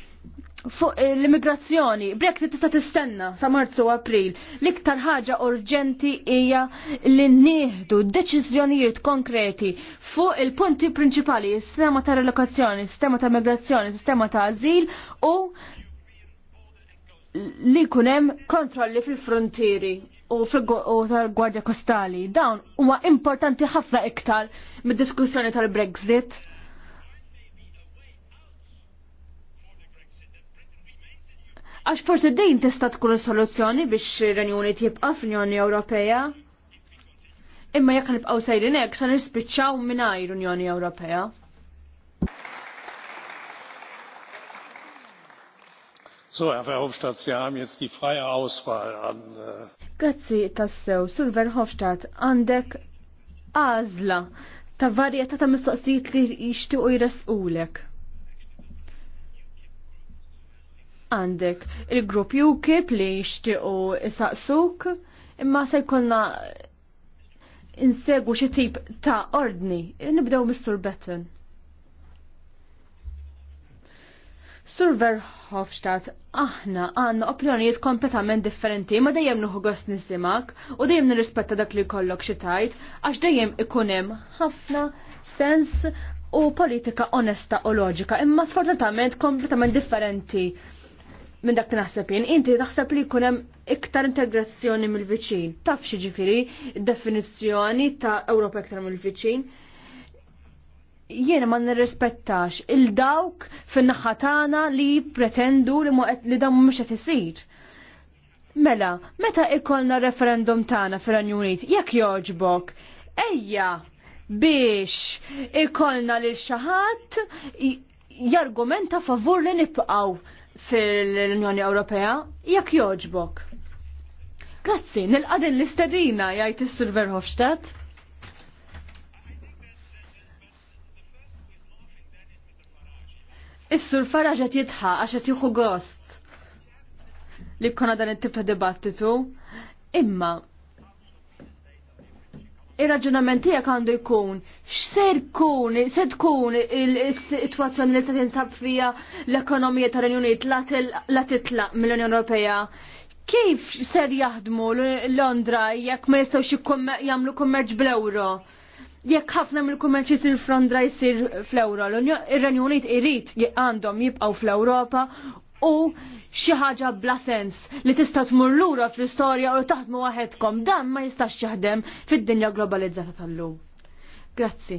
fuq eh, l-immigrazzjoni, Brexit tista' tistenna sa' Marzu u April. L-iktar ħaġa urġenti hija li nieħdu deċiżjonijiet konkreti fuq il-punti prinċipali, sistema ta' relokazzjoni, sistema ta' migrazzjoni, sistema ta' azil u li kunem kontrolli fil-frontieri u tal-gwardja kostali. Dawn huma importanti ħafna iktar mid-diskussjoni tal-Brexit. Għax forse dejn tista' tkun soluzzjoni biex ir renjoni tibqa' fl-Unjoni Ewropea. Imma jekk nibqgħu sejrin hekk se nispiċċaw mingħajr Unjoni Ewropea. So, Herr Verhofstadt, Sie haben jetzt die freie Auswahl an... Äh, Grazzi tassew, Sur Verhofstadt, għandek għażla ta' varjetà ta' mistoqsijiet li jixtiequ jirasqulek. Għandek il-grupp UKIP li jishtiqu saqsuk imma se jkollna insegu xi tip ta' ordni. Nibdew Mistur Betten. Sur Verhofstadt, aħna għanna opinjonijiet kompletament differenti, ma dejjem nuħu gost nisimak u dejjem nirrispetta dak li kollok tajt, għax dejjem ikunem ħafna sens u politika onesta u loġika, imma sfortunatament kompletament differenti minn dak naħseb jien, inti taħseb li jkun hemm iktar integrazzjoni mill-viċin. Taf xi ġifieri definizzjoni ta' Ewropa iktar mill-viċin. Jiena ma nirrispettax il-dawk fin-naħa tagħna li pretendu li li dan mhux qed isir. Mela, meta ikolna referendum tagħna fir-Renju Unit, jekk joġbok, ejja biex ikolna lil xi ħadd jargumenta favur li nibqgħu fil-Unjoni Ewropea, jekk joġbok. Grazzi, nilqa' din l-istedina jgħid is-Sur Hofstadt. Is-Sur Farage qed jitħaq għax qed jieħu gost li jkun dan it-tip ta' dibattitu. Imma il-raġunament tiegħek għandu jkun x'ser kun, se tkun is-sitwazzjoni li se tinsab fija l-ekonomija tar-Renju Unit la titlaq mill-Unjoni Ewropea. Kif ser jaħdmu Londra jekk ma jistgħux jagħmlu kummerċ bl-ewro? Jekk ħafna mill-kummerċ isir f'Londra jsir fl-ewro, ir-Renju Unit irid għandhom jibqgħu fl-Ewropa u xi ħaġa bla sens li tista' tmur lura fl-istorja u taħdmu waħedkom dan ma jistax jaħdem fid-dinja globalizzata tal-lum. Grazzi.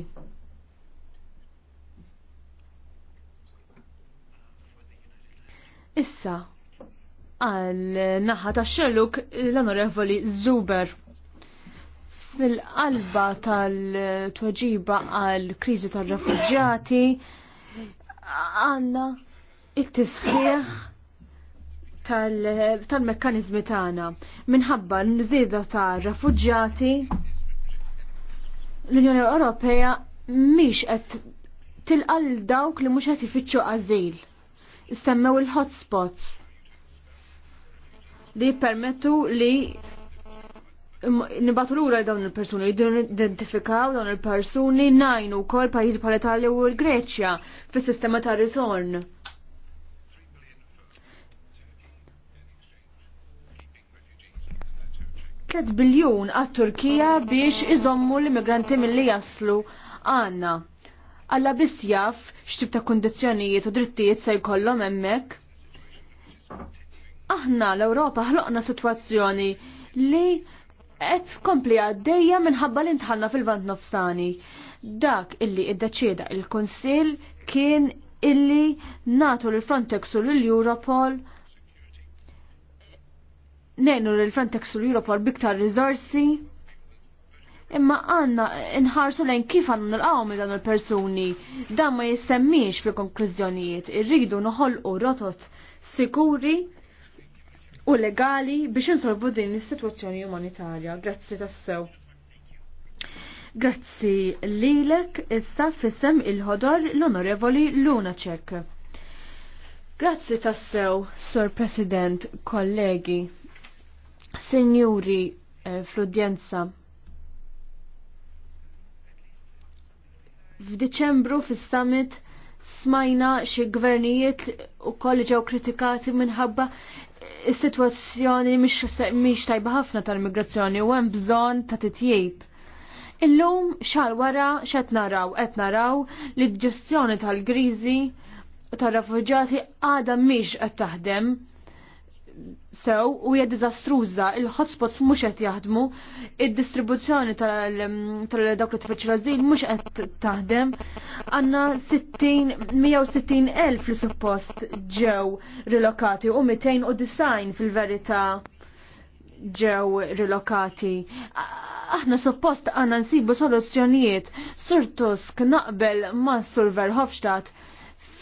Issa, għal naħa ta' xelluk l-onorevoli Zuber fil-qalba tal-tweġiba għal kriżi tal-refugġati għanna il tisħiħ tal-mekkanizmi tal tagħna minħabba l-nżieda ta' refuġjati l-Unjoni Ewropea mhix qed tilqal dawk li mhux qed ifittxu għażil. Istemmew il-hotspots li permettu li nibatu l dawn il-persuni, identifikaw dawn il-persuni, najnu kol pajizi pal-Italja u l-Greċja fis sistema ta' risorn. 3 biljun għat-Turkija biex iżommu l-immigranti mill-li jaslu għanna. Alla biss jaff x'tib ta' kundizzjonijiet u drittijiet se jkollhom hemmhekk. Aħna l-Ewropa ħloqna sitwazzjoni li qed kompli għaddejja minħabba li ntħanna fil-vant nofsani. Dak illi iddeċieda il-Kunsill kien illi natu l-Frontex u l-Europol nejnu l Frontex u l l biktar rizorsi imma għanna nħarsu lejn kif għannu nil-għawmi dan il-persuni dan ma jissemmix fil konklużjonijiet irridu noħolqu rotot sikuri u legali biex nsolvu din is-sitwazzjoni umanitarja. Grazzi tassew. Grazzi lilek issa fissem il-ħodor l-onorevoli Lunacek. Grazzi tassew, Sir President, kollegi. Sinjuri eh, fl-udjenza. F'Diċembru fis-summit smajna xi gvernijiet ukoll ġew kritikati minħabba is-sitwazzjoni mhix tajba ħafna tal-immigrazzjoni u hemm bżonn ta' titjib. Illum xar wara x'qed naraw qed naraw li d-ġestjoni tal-griżi tar-refuġjati għadha mhix qed taħdem sew u hija diżastruża, il-hotspots mhux qed jaħdmu, id-distribuzzjoni mm, tal-dawk li tfittxu l-azil mhux qed taħdem. Għandna 60 elf li suppost ġew rilokati u u 290 fil-verità ġew rilokati. Aħna suppost għandna nsibu soluzzjonijiet surtusk naqbel ma' Sulver Hofstadt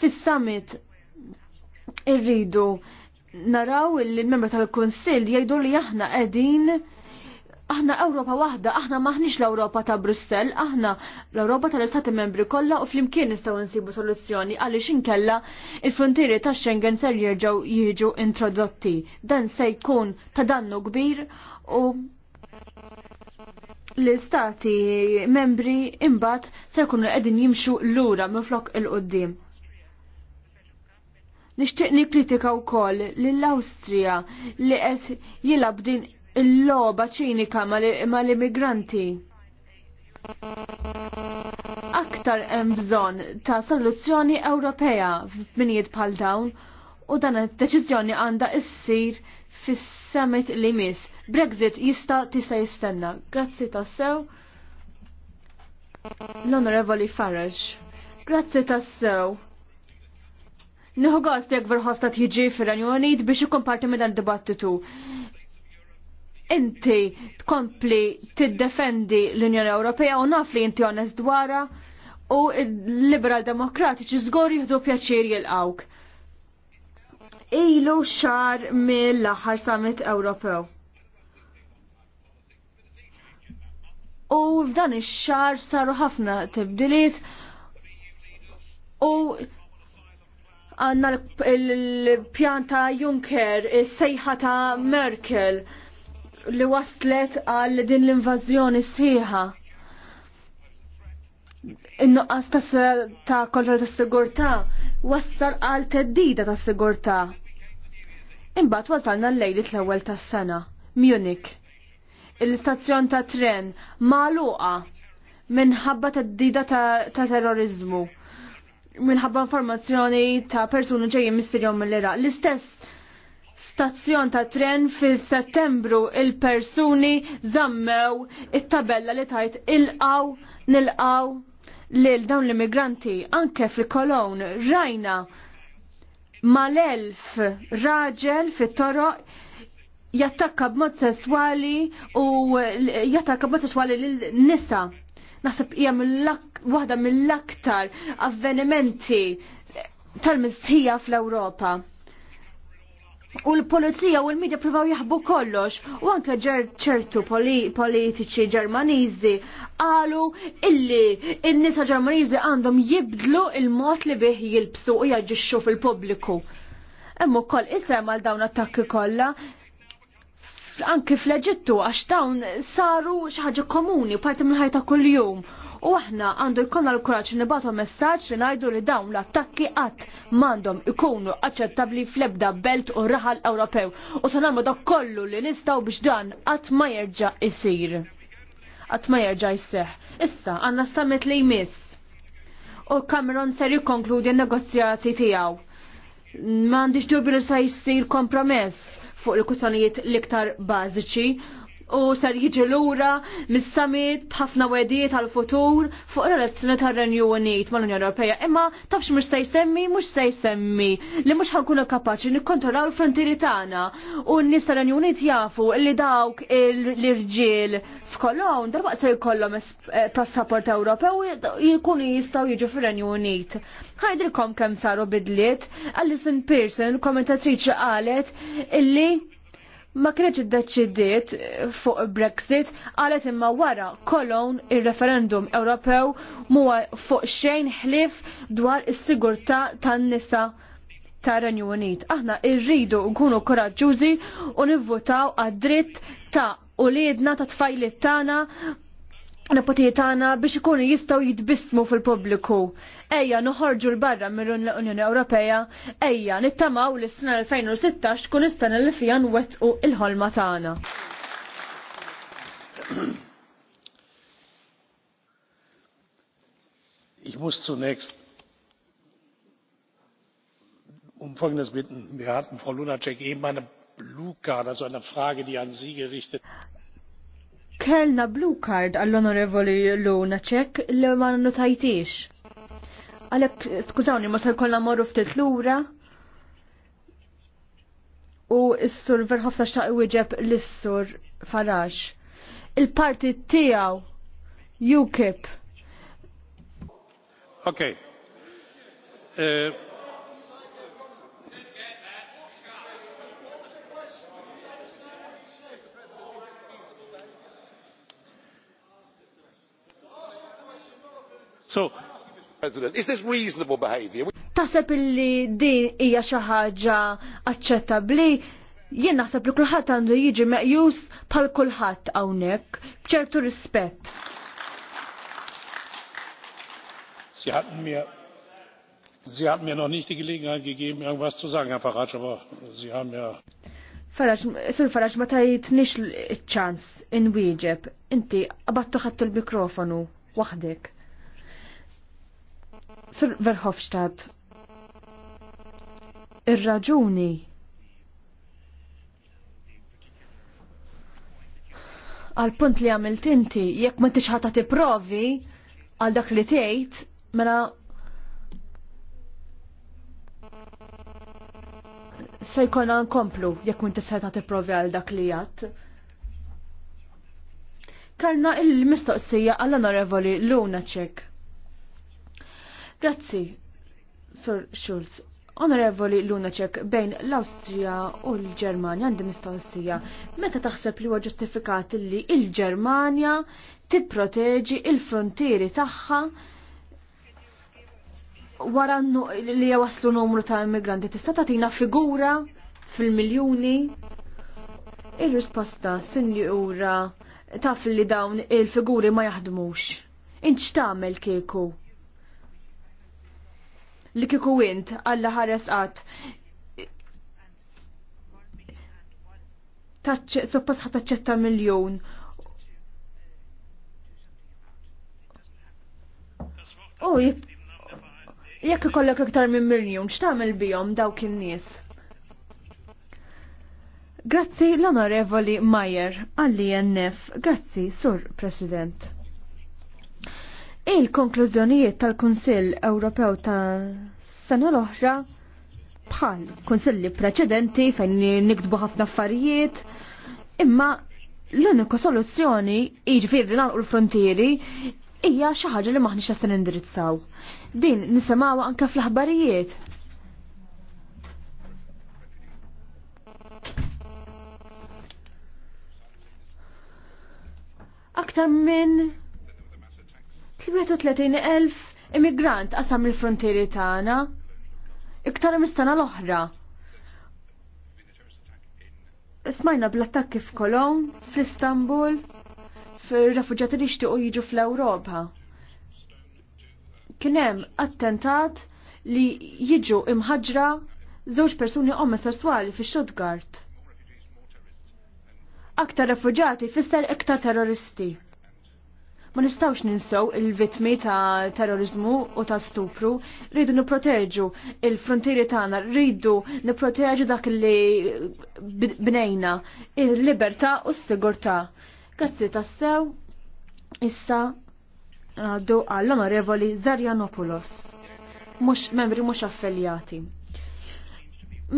fis-summit irridu naraw li l-membri tal-Konsil jgħidu li aħna qegħdin aħna Ewropa waħda, aħna maħniex l-Ewropa ta' Brussell, aħna l-Ewropa tal-Istati Membri kollha u flimkien nistgħu nsibu soluzzjoni għaliex inkella il-frontieri ta' Schengen ser jerġgħu jiġu introdotti. Dan se jkun ta' dannu kbir u l-istati membri imbagħad se jkunu qegħdin jimxu lura minflok il-qoddim. Nixtieq nikkritika wkoll lill-Awstrija li qed jilab din il-logħba ċinika mal-immigranti. Aktar hemm bżonn ta' soluzzjoni Ewropea f'żminijiet bħal dawn u dan id-deċiżjoni għandha issir fis-summit li miss. Brexit jista' tista' jistenna. Grazzi tas-sew. L-Onorevoli Farage. Grazzi tas-sew. Nħu għast jek verħostat jiġi fil-Unit biex ikkomparti minn dibattitu Inti tkompli tiddefendi l-Unjoni Ewropea u naf li inti onest dwara u l-liberal demokratiċi żgur jieħdu pjaċir jil-għawk. Ilu xar mill-aħħar summit Ewropew. U f'dan ix-xar saru ħafna tibdiliet u għanna l-pjan ta' Juncker, sejħa ta' Merkel li waslet għal din l-invażjoni sħiħa. In-nuqqas ta' kontra ta' sigurtà wassal għal teddida ta' sigurtà. Imbagħad wasalna l-lejli l-ewwel tas-sena, Munich. Il-istazzjon ta' tren magħluqa minħabba teddida ta' terrorizmu. Ta minħabba informazzjoni ta' persuni ġejjin mistirjom mill-Iraq. L-istess stazzjon ta' tren fil-settembru il-persuni zammew it-tabella li tajt il-qaw nil-qaw lil dawn l-immigranti anke fil-kolon rajna mal-elf raġel fit-toro jattakka b'mod sesswali u jattakka b'mod sesswali lil nisa naħseb hija waħda mill-aktar avvenimenti tal-mistħija fl-Ewropa. U l-polizija u l-medja provaw jaħbu kollox, u anke ċertu politiċi ġermaniżi qalu illi n-nisa ġermaniżi għandhom jibdlu il-mod li bih jilbsu u jaġixxu fil-pubbliku. Hemm ukoll isem għal dawn attakki kollha anki fl-Eġittu għax dawn saru xi ħaġa komuni parti mill ħajta kuljum. U aħna għandu jkollna l-kuraġġ nibgħatu messaġġ li ngħidu li dawn l-attakki qatt m'għandhom ikunu aċċettabbli fl-ebda belt u raħal Ewropew u se nagħmlu dak kollu li nistgħu biex dan qatt ma jerġa' isir. Qatt ma jerġa' jseħħ. Issa għandna summit li jmiss. U Cameron ser jikkonkludi n-negozjati tiegħu. M'għandix dubju li se jsir kompromess fuq il-kustanijiet l-iktar bażiċi u sar jiġi lura mis-summit b'ħafna wedijiet għal futur fuq relazzjoni tar-Renju Unit mal-Unjoni Ewropea. Imma tafx mhux se jsemmi, mhux se jsemmi li mhux ħankunu kapaċi nikkontrollaw il-frontieri tagħna u n-nies tar-Renju Unit jafu li dawk l-irġiel f'Kolon darbaqt se jkollhom eh, passaport Ewropew jkunu jistgħu jiġu fir-Renju Unit. Ħajdilkom kemm saru bidliet, Alison Pearson, kommentatriċi qalet illi ma kienx iddeċidiet fuq Brexit għalet imma wara kolon il-referendum Ewropew muwa fuq xejn ħlif dwar is-sigurtà tan-nisa ta' Renju Unit. Aħna irridu nkunu koraġġużi u nivvotaw għad-dritt ta' u ta' tfajlit tagħna Nepoti tagħna biex ikunu jistgħu jitbismu fil-pubbliku. Ejja noħorġu l-barra mirun l unjoni Ewropea, ejja nittamaw l s 2016 kun istana li fija nwettqu il-ħolma tagħna. Ich muss zunächst um Folgendes bitten. Wir hatten Frau Lunacek eben eine Blue Card, also eine Frage, die an Sie gerichtet kellna blue card għall-onorevoli Luna ċek li ma notajtix. Għalek, skużawni, ma sal-kolla morru ftit lura. U s-sur verħofsa x'aq wieġeb l-sur Faraġ. Il-parti tijaw, UKIP. Ok. Uh... So, President, is this reasonable behavior? Taħseb illi din hija xi ħaġa aċċettabbli jien naħseb li kulħadd għandu jiġi meqjus bħal kulħadd hawnhekk b'ċertu rispett. Sie hatten mir Sie hatten mir noch nicht die Gelegenheit gegeben, irgendwas zu sagen, Herr Farage, aber Sie haben ja. Farage, Sir Farage, ma tajtnix ċans in wieġeb. Inti qabattu ħadd il-mikrofonu waħdek. Sir Verhofstadt, ir-raġuni għal punt li għamilt inti, jekk ma t-iċħata t-iprovi għal dak li tgħid, mela se jkollna nkomplu jekk ma t-iċħata t-iprovi għal dak li jgħat. Kalna il-mistoqsija għall-onorevoli Luna Ċek. Grazzi, Sir Schulz. Onorevoli Lunacek, bejn l-Austria u l-Germania għandi mistoqsija. Meta taħseb li huwa ġustifikat li l-Germania tipproteġi il-frontieri tagħha wara li waslu numru ta' immigranti tista' tagħtina figura fil-miljuni? Ir-risposta sinjura taf li dawn il-figuri ma jaħdmux. Inċ tagħmel kieku? li kiku int Alla ħares qatt. Taċċe suppas ħa taċċetta miljun. U jekk ikollok iktar minn miljun, x'tagħmel bihom dawk in-nies? Grazzi l-Onorevoli Mayer għalli NF. Grazzi, Sur President. Il-konklużjonijiet tal-Kunsill Ewropew ta' sena l-oħra bħal kunsilli preċedenti fejn nikdbu ħafna affarijiet, imma l-unika soluzzjoni jiġifieri nagħlqu l-frontieri hija xi ħaġa li maħniex qed nindirizzaw. Din nisimgħu anke fl-aħbarijiet. Aktar minn 38.000 immigrant qasam il-frontieri tagħna iktar mistana l-oħra. Smajna bl kif Kolon, fl-Istanbul, fir-refuġjati li jixtiequ jiġu fl-Ewropa. Kien hemm attentat li jiġu imħaġra żewġ persuni omosessuali fi Stuttgart. Aktar refuġjati fisser iktar terroristi. Ma nistawx ninsew il-vitmi ta' terrorizmu u ta' stupru, rridu niproteġu il-frontieri tagħna, rridu niproteġu dak li bnejna, il-libertà u s-sigurtà. Grazzi tassew, issa għaddu għall-onorevoli Zarjanopoulos, mux membri mux affiljati.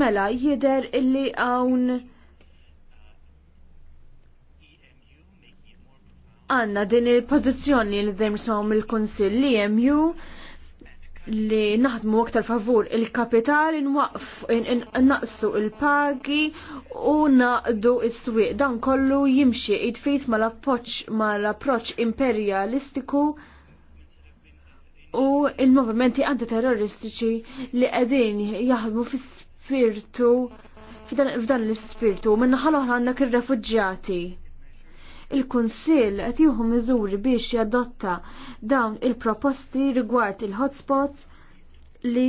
Mela, jider illi għawn għanna din il-pozizjoni li dejjem sawm il-Konsill li jemju li naħdmu aktar favur il-kapital inwaqf naqsu il-pagi u naqdu is-swieq dan kollu jimxi id-fit mal-approċ imperjalistiku u il-movimenti antiterroristiċi li qegħdin jaħdmu fis-spirtu f'dan l-ispirtu minna ħal għandek ir-refuġġjati. Il-Kunsill qed jieħu miżuri biex jadotta dawn il-proposti rigward il-hotspots li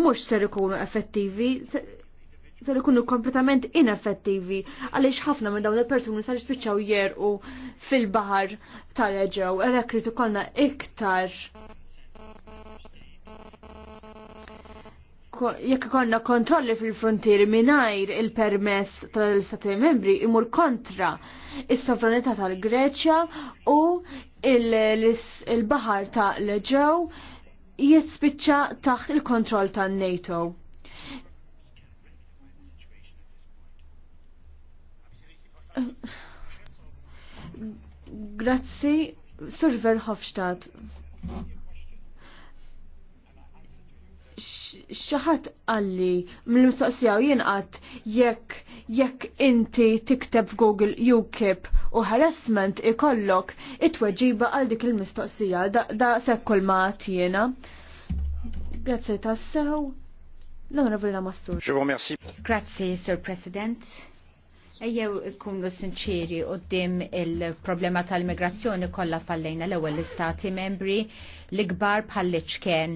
mhux ser ikunu effettivi ser ikunu kompletament ineffettivi għaliex ħafna minn dawn il-persuni sar jispiċċaw jerqu fil-baħar tal-Eġew, erek irid ikollna iktar jekk konna kontrolli fil-frontieri mingħajr il-permess tal-Stati membri imur kontra is-sovranità tal-Greċja u il-baħar ta' l-ġew jispiċċa taħt il-kontroll tan-NATO. Grazzi, Surver Verhofstadt xaħat għalli mill-mistoqsijaw għat jekk jekk inti tikteb f'Google UKIP u harassment ikollok it-tweġiba għal dik il-mistoqsija da sekkol maħt jena. Grazie tassew. L-onorevoli Lamassur. Je vous remercie. Grazie, Sir President. Ejjew kunu sinċiri u dim il-problema tal-migrazzjoni kollha fallejna l ewwel istati membri l-ikbar bħal liċken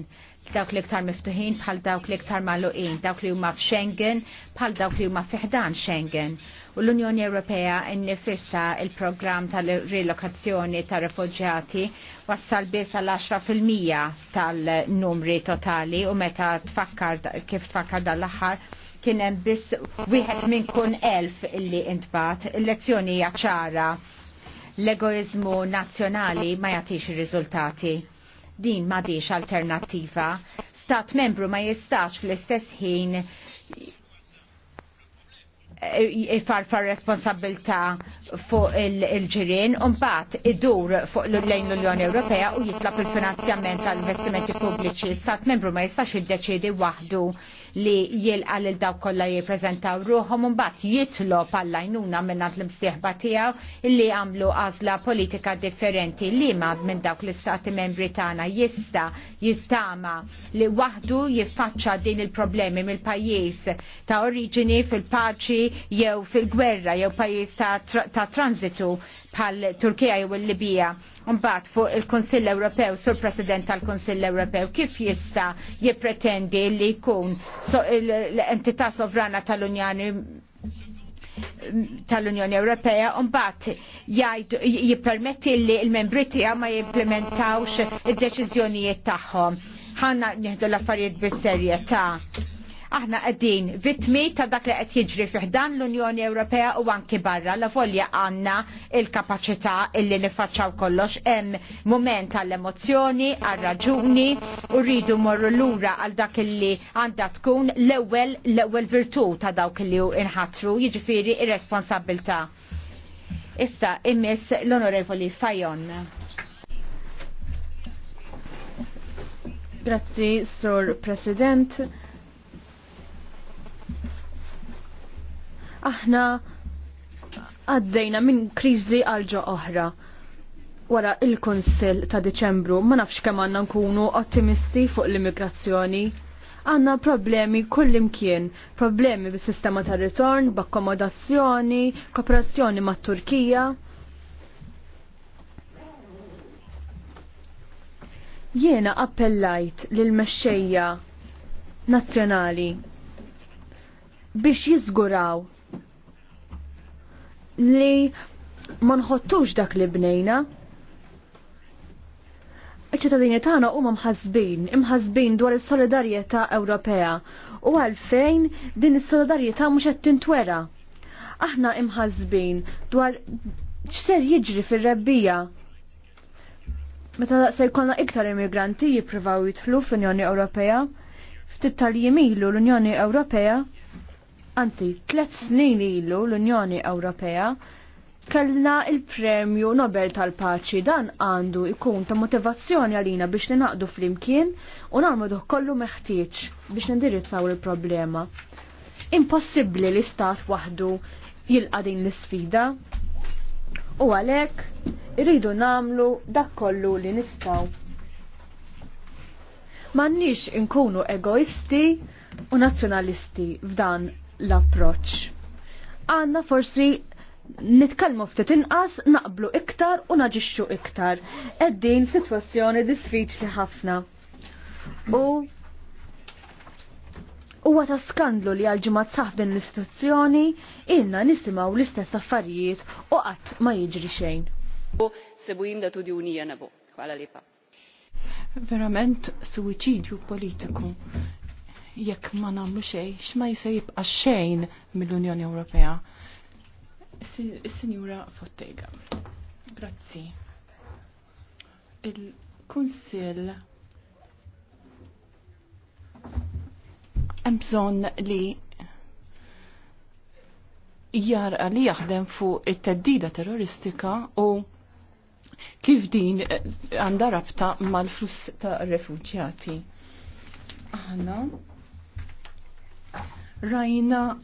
dawk li iktar miftuħin bħal dawk li iktar maluqin, dawk li huma f'Schengen bħal dawk li huma fiħdan Schengen. U l-Unjoni Ewropea innifissa il-programm tal-relokazzjoni ta' refugjati wassal biss għal 10% tal-numri totali u meta tfakkar kif tfakkar dal-aħħar kien hemm biss wieħed minn kun elf illi intbat. Il-lezzjoni hija ċara. L-egoizmu nazzjonali ma jagħtix ir-riżultati. Din diċ alternattiva. Stat membru ma jistax fl-istess ħin farfar responsabilta fuq il-ġirien un bat idur fuq lejn l-Unjoni Ewropea u jitlab il-finanzjament tal-investimenti pubbliċi. Stat membru ma jistax jiddeċidi waħdu li jilqa lil dawk kollha jippreżentaw ruħhom u mbagħad jitlob għall-għajnuna minnant l-imsieħba tiegħu li għamlu għażla politika differenti li mad minn dawk l-istati membri tagħna jista jistama li waħdu jiffaċċa din il-problemi mill-pajjiż ta' oriġini fil-paċi jew fil-gwerra jew pajjiż ta transitu bħal Turkija jew il-Libija. Mbagħad fuq il-Kunsill Ewropew, sur President tal-Kunsill Ewropew, kif jista' jippretendi li jkun so l-entità sovrana tal-Unjani tal-Unjoni Ewropea un bat jippermetti li l-membri tiegħu ma jimplementawx id-deċiżjonijiet tagħhom. Ħanna nieħdu l-affarijiet bis-serjetà. Aħna għaddin vitmi ta' dak li qed jiġri fiħdan l-Unjoni Ewropea u anki barra la volja għandna il-kapaċità illi nifaċċaw kollox hemm mument għall-emozzjoni, għal-raġuni u rridu morru lura għal dak li għandha tkun l-ewwel l-ewwel virtu ta' dawk li inħatru, jiġifieri ir-responsabilità. Issa immiss l-Onorevoli Fajon. Grazzi, Sor President. aħna għaddejna minn kriżi għalġa oħra. Wara il-Konsil ta' Deċembru ma nafx kemm għandna nkunu ottimisti fuq l-immigrazzjoni. Għanna problemi kullimkien, problemi bis sistema ta' ritorn, b'akkomodazzjoni, kooperazzjoni mat Turkija. Jiena appellajt lil mexxejja nazzjonali biex jiżguraw li ma nħottux dak li bnejna. Iċ-ċittadini tagħna huma mħasbin, imħasbin dwar is-solidarjetà Ewropea u għalfejn din is-solidarjetà mhux qed tintwera. Aħna imħasbin dwar x'ser jiġri fir-rebbija Meta se jkollna iktar immigranti jippruvaw jidħlu fl-Unjoni Ewropea, ftit tal-jimilu l-Unjoni Ewropea anzi, tlet snin ilu l-Unjoni Ewropea kellna il-Premju Nobel tal-Paċi dan għandu jkun ta' motivazzjoni għalina biex ninaqdu fl-imkien u nagħmlu kollu meħtieġ biex nindirizzaw il-problema. Impossibbli li stat waħdu jilqa' din l-isfida. U għalhekk irridu namlu dak kollu li nistgħu. M'għandniex inkunu egoisti u nazzjonalisti f'dan l-approċ. Għanna forsi nitkellmu ftit inqas naqblu iktar u naġixxu iktar. Qegħdin sitwazzjoni diffiċli ħafna. U huwa ta' skandlu li għal ġimgħat saħf din l-istituzzjoni ilna nisimgħu l-istess affarijiet u qatt ma jiġri xejn. Sebuim da tudi unija nabu. Hvala lepa. Verament suwiċidju politiku jekk ma nagħmlu xejn, x'ma jista' jibqa' xejn mill-Unjoni Ewropea. Is-Sinjura Fottega. Grazzi. Il-Kunsill hemm bżonn li jara li jaħdem fuq it-teddida terroristika u kif din għandha rabta mal-fluss ta' refuġjati. Aħna rajna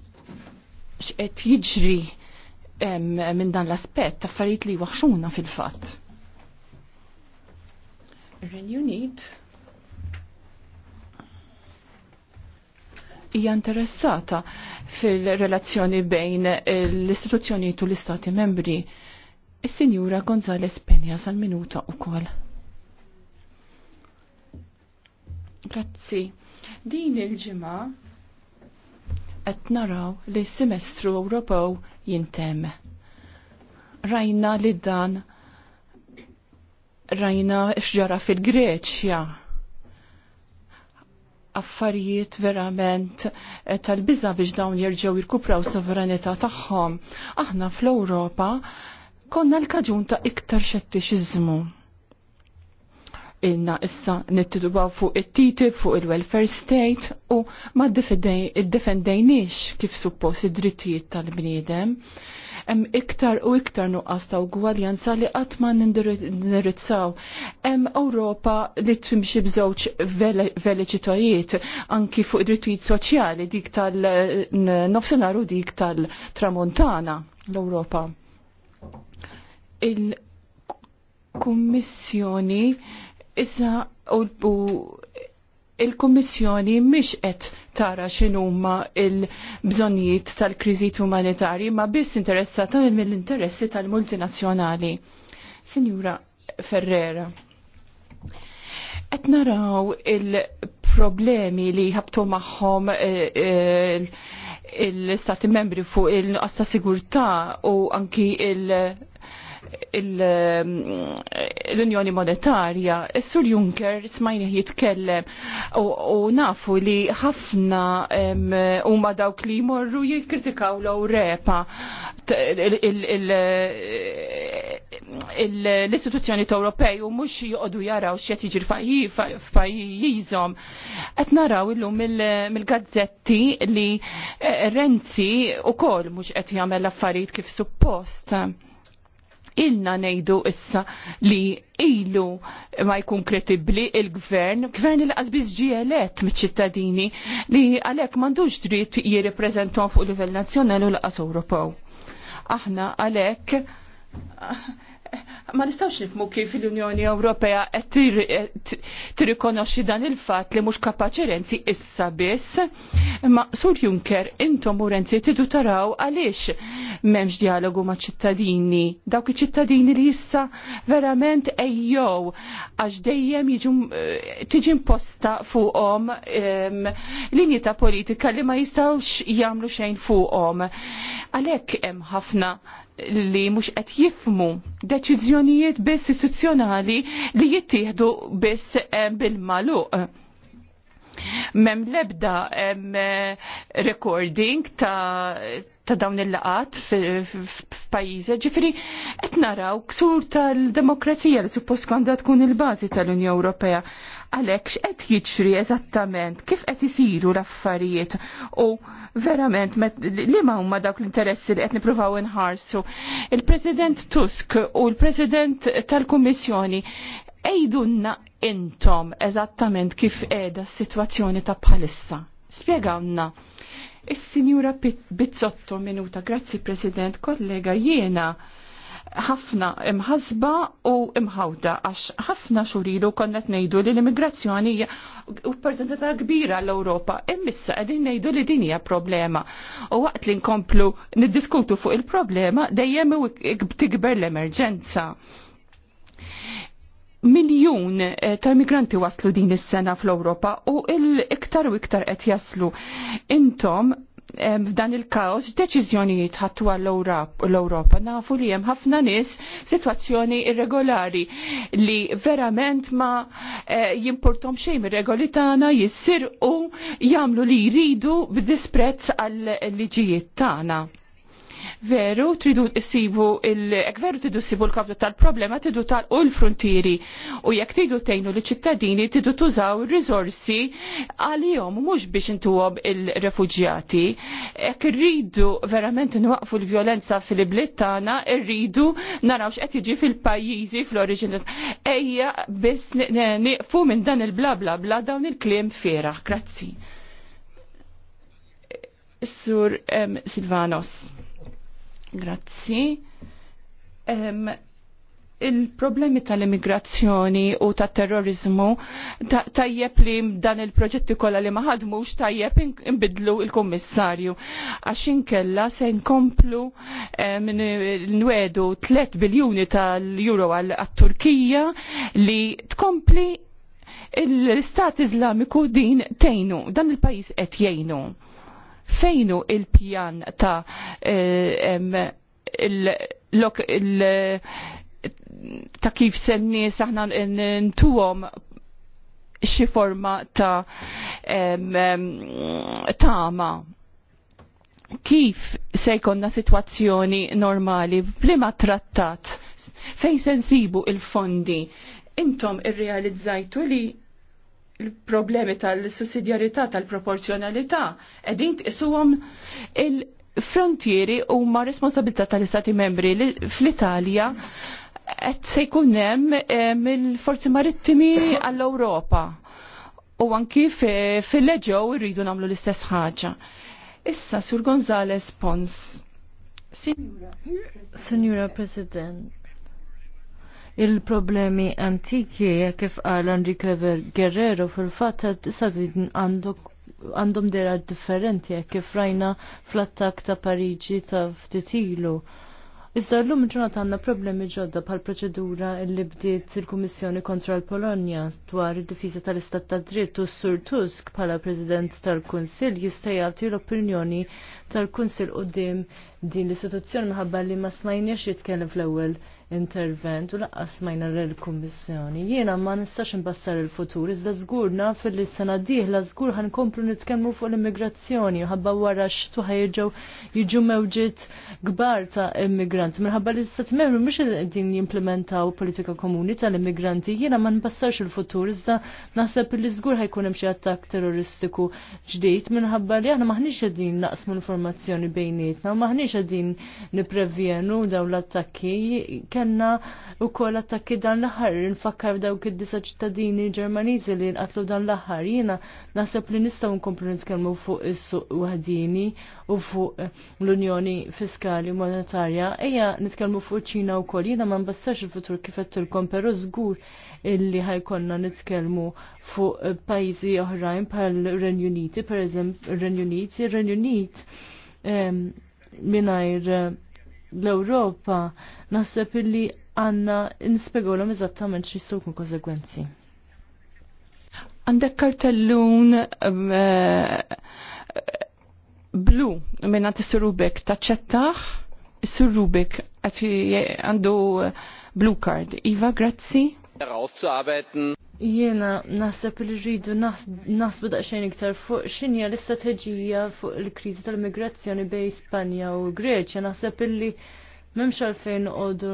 x'qed jiġri minn dan l-aspett ta' affarijiet li waħxuna fil-fatt. ir hija interessata fil-relazzjoni bejn l-istituzzjonijiet u l-istati membri. Is-Sinjura Gonzales Penja sal-minuta ukoll. Grazzi. Din il-ġimgħa qed naraw li semestru Ewropew jintemm. Rajna li dan rajna xġara fil-Greċja. Affarijiet verament eh, tal-biża biex dawn jerġgħu jirkupraw sovranità tagħhom. Aħna fl-Ewropa konna l-kaġun ta' iktar xettixiżmu inna issa nittidubaw fuq it-titib, fuq il-welfare state u ma defendejniex kif suppost id-drittijiet tal-bniedem. Hemm iktar u iktar nuqqas ta' ugwaljanza li qatt ma nindirizzaw. Hemm Ewropa li timxi bżewġ veloċitajiet anki fuq id-drittijiet soċjali dik tal-nofsinhar u dik tal-tramontana l-Ewropa. Il-Kummissjoni Issa u il-Kommissjoni mhix qed tara x'inhuma il-bżonnijiet tal kriżi umanitarji ma biss interessata mill-interessi tal-multinazzjonali. Sinjura Ferrera, qed naraw il-problemi li jħabtu magħhom eh, eh, il-stati membri fuq il-qasta sigurtà u anki il- Mm, l-Unjoni Monetarja, Sur Juncker smajni jitkellem u nafu li ħafna huma dawk li jmorru jikkritikaw l-Ewrepa l-istituzzjoni Ewropej u mhux joqogħdu jaraw x'qed jiġri f'pajjiżhom. Qed naraw illum mill-gazzetti li eh, Renzi ukoll mhux qed jagħmel affarijiet kif suppost ilna nejdu issa li ilu ma jkun kredibli il-gvern, gvern il qasbiż ġielet elett mit-ċittadini li għalek mandux dritt jirreprezentom fuq livell nazzjonali u laqas Ewropew. Aħna għalek ma nistawx nifmu kif l-Unjoni Ewropea qed eh, tirrikonoxxi dan il-fatt li mhux kapaċi Renzi issa biss. Ma Sur Juncker intom u Renzi tidu taraw għaliex m'hemmx dialogu ma' ċittadini, dawk iċ-ċittadini li issa verament ejjew għax dejjem jiġu eh, tiġi imposta fuqhom ehm, linji ta' politika li ma jistawx jagħmlu xejn fuqhom. Għalhekk hemm ħafna li mhux qed jifmu deċiżjonijiet biss istituzzjonali li jittieħdu biss eh, bil-maluq. Mem lebda em, eh, recording ta', ta dawn il-laqat f'pajjiżi, ġifri qed naraw ksur tal-demokrazija li suppost kandat tkun il-bażi tal-Unja Ewropea għalhekk x'qed jiġri eżattament, kif qed isiru l-affarijiet u verament li ma huma dawk l-interessi li qed nippruvaw inħarsu. Il-President Tusk u l-President tal-Kummissjoni ejdunna intom eżattament kif qiegħda s-sitwazzjoni ta' bħalissa. Spjegawna. Is-Sinjura Bizzotto minuta, grazzi President, kollega jiena ħafna imħasba u imħawda għax ħafna xurilu konnet nejdu li l-immigrazzjoni u perżentata kbira l-Ewropa immissa qegħdin nejdu li din hija problema. U waqt li nkomplu niddiskutu fuq il-problema dejjem tikber l-emerġenza. Miljun eh, ta' migranti waslu din is-sena fl-Ewropa u l-iktar u iktar qed jaslu. Intom f'dan il-kaos deċiżjonijiet ħattu għall ewropa Nafu li hemm ħafna nies sitwazzjoni irregolari li verament ma eh, jimportom xejn ir-regoli tagħna jissirqu jagħmlu li jridu b'disprezz għal liġijiet tagħna veru tridu sibu il veru tridu sibu l-kablu tal-problema tridu tal-u l-frontieri u jekk tridu tejnu li ċittadini tridu tużaw r rizorsi għalihom mhux biex intuhom il-refuġjati. Jekk irridu verament nwaqfu l-vjolenza fil-bliet tagħna, rridu narawx qed jiġi fil-pajjiżi fl-oriġinat. Ejja biss niqfu minn dan il-bla bla bla dawn il-kliem fieraħ. Grazzi. Sur um, Silvanos. Grazzi. Um, il-problemi tal-immigrazzjoni u tal-terrorizmu tajjeb ta li dan il-proġetti kollha li ma ħadmux tajjeb imbidlu il-kummissarju. Għax inkella se nkomplu eh, minn nwedu 3 biljuni tal-euro għal-Turkija li tkompli l-Istat Iżlamiku din tejnu, dan il-pajis qed jgħinu Fejnu il-pjan ta' eh, ta' kif senni saħna n-tuwom xi forma ta' tama. Kif se jkonna situazzjoni normali, blima trattat, fejn se nsibu il-fondi, intom irrealizzajtu li il-problemi tal-sussidjarità tal-proporzjonalità edin tqisuhom il-frontieri huma responsabilità tal-Istati membri fl-Italja qed se jkun hemm eh, il-forzi marittimi għall-Ewropa u anki fil-leġew irridu nagħmlu l-istess ħaġa. Issa Sur Gonzales Pons. Signora President, il-problemi antiki kif għal Enrique Guerrero fil-fatt t-sazid għandhom dera differenti kif rajna fl-attak ta' Pariġi ta' ftitilu. Iżda l-lum ġurnata għanna problemi ġodda pal proċedura li bdiet il-Kummissjoni kontra l-Polonja dwar id-difiża tal-Istat ta' dritt u s-Sur Tusk bħala President tal-Kunsill jista' jagħti l-opinjoni tal-Kunsill dim din l-istituzzjoni minħabba li ma smajniex jitkellem fl-ewwel intervent u laqqas majna l-Kommissjoni. Jiena ma nistax imbassar il-futur, iżda żgur naf li sena diħla żgur ħankomplu nitkellmu fuq l-immigrazzjoni ħabba wara x'tu ħajġew jiġu mewġiet kbar ta' immigranti. Minħabba li l-istat membri mhux qegħdin jimplementaw politika komuni tal-immigranti, jiena ma nbassarx il-futur, iżda naħseb li zgur ħajkun hemm xi attakk terroristiku ġdid minħabba li aħna maħniex qegħdin naqsmu informazzjoni bejnietna, maħniex qegħdin niprevjenu dawn l-attakki kellna wkoll attakki dan l-aħħar nfakkar dawk id-disa ċittadini Ġermaniżi li nqatlu dan l-aħħar. Jiena naħseb li nistgħu nkomplu nitkellmu fuq is-suq waħdini u fuq l-Unjoni Fiskali Monetarja. Ejja nitkellmu fuq ċina wkoll. Jiena ma nbassax il-futur kif qedtilkom però żgur illi ħajkonna nitkellmu fuq pajjiżi oħrajn bħal Renju Uniti, per eżem, Renju Uniti, Renju Unit minajr l-Ewropa naħseb illi għanna nispegolhom eżattament xi jkun konsegwenzi. Għandek kartellun eh, blu minna t-surubek taċċettaħ, s-surubek għandu blue card. Iva, grazzi herauszuarbeiten. Jiena naħseb li rridu nasbu daqsxejn iktar fuq x'inja l-istrateġija fuq il-kriżi tal-migrazzjoni bejn Spanja u Greċja naħseb illi Memx għalfejn għodu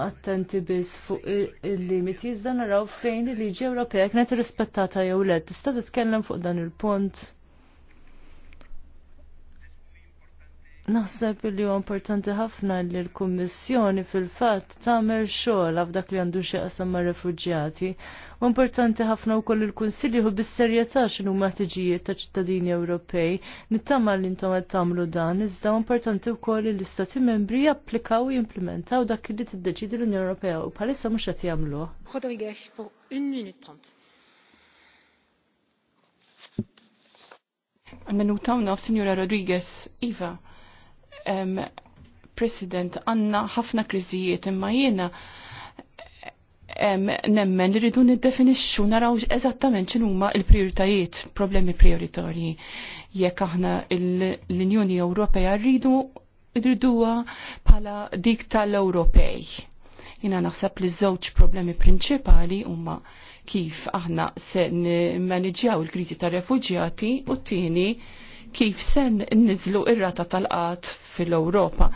attenti biz fuq il-limiti, iżda naraw fejn il-liġi Ewropea kienet rispettata jew le. Tista' titkellem fuq dan il-punt? Naħseb li huwa importanti ħafna li l-Kummissjoni fil-fatt tagħmel xogħol f'dak li għandu xi qasam mar-refuġjati. U importanti ħafna wkoll il-Kunsill jieħu bis-serjetà x'inhu ħtiġijiet ta' ċittadini Ewropej. Nittama li intom qed tagħmlu dan, iżda importanti wkoll li l-Istati Membri japplikaw u jimplementaw dak li tiddeċidi l-Unjoni Ewropea u bħalissa mhux qed jagħmluh. Minuta u naf, Signora Rodriguez, Iva, President, għanna ħafna kriżijiet imma jiena nemmen li rridu niddefinixxu naraw eżattament huma l-prijoritajiet, problemi prioritarji. Jekk aħna l-Unjoni Ewropea rridu rriduha bħala dik tal-Ewropej. Jina naħseb li żewġ problemi prinċipali huma kif aħna se nmaniġjaw il-kriżi tar-refuġjati u t-tieni kif sen nizlu ir-rata tal-qat fil-Ewropa.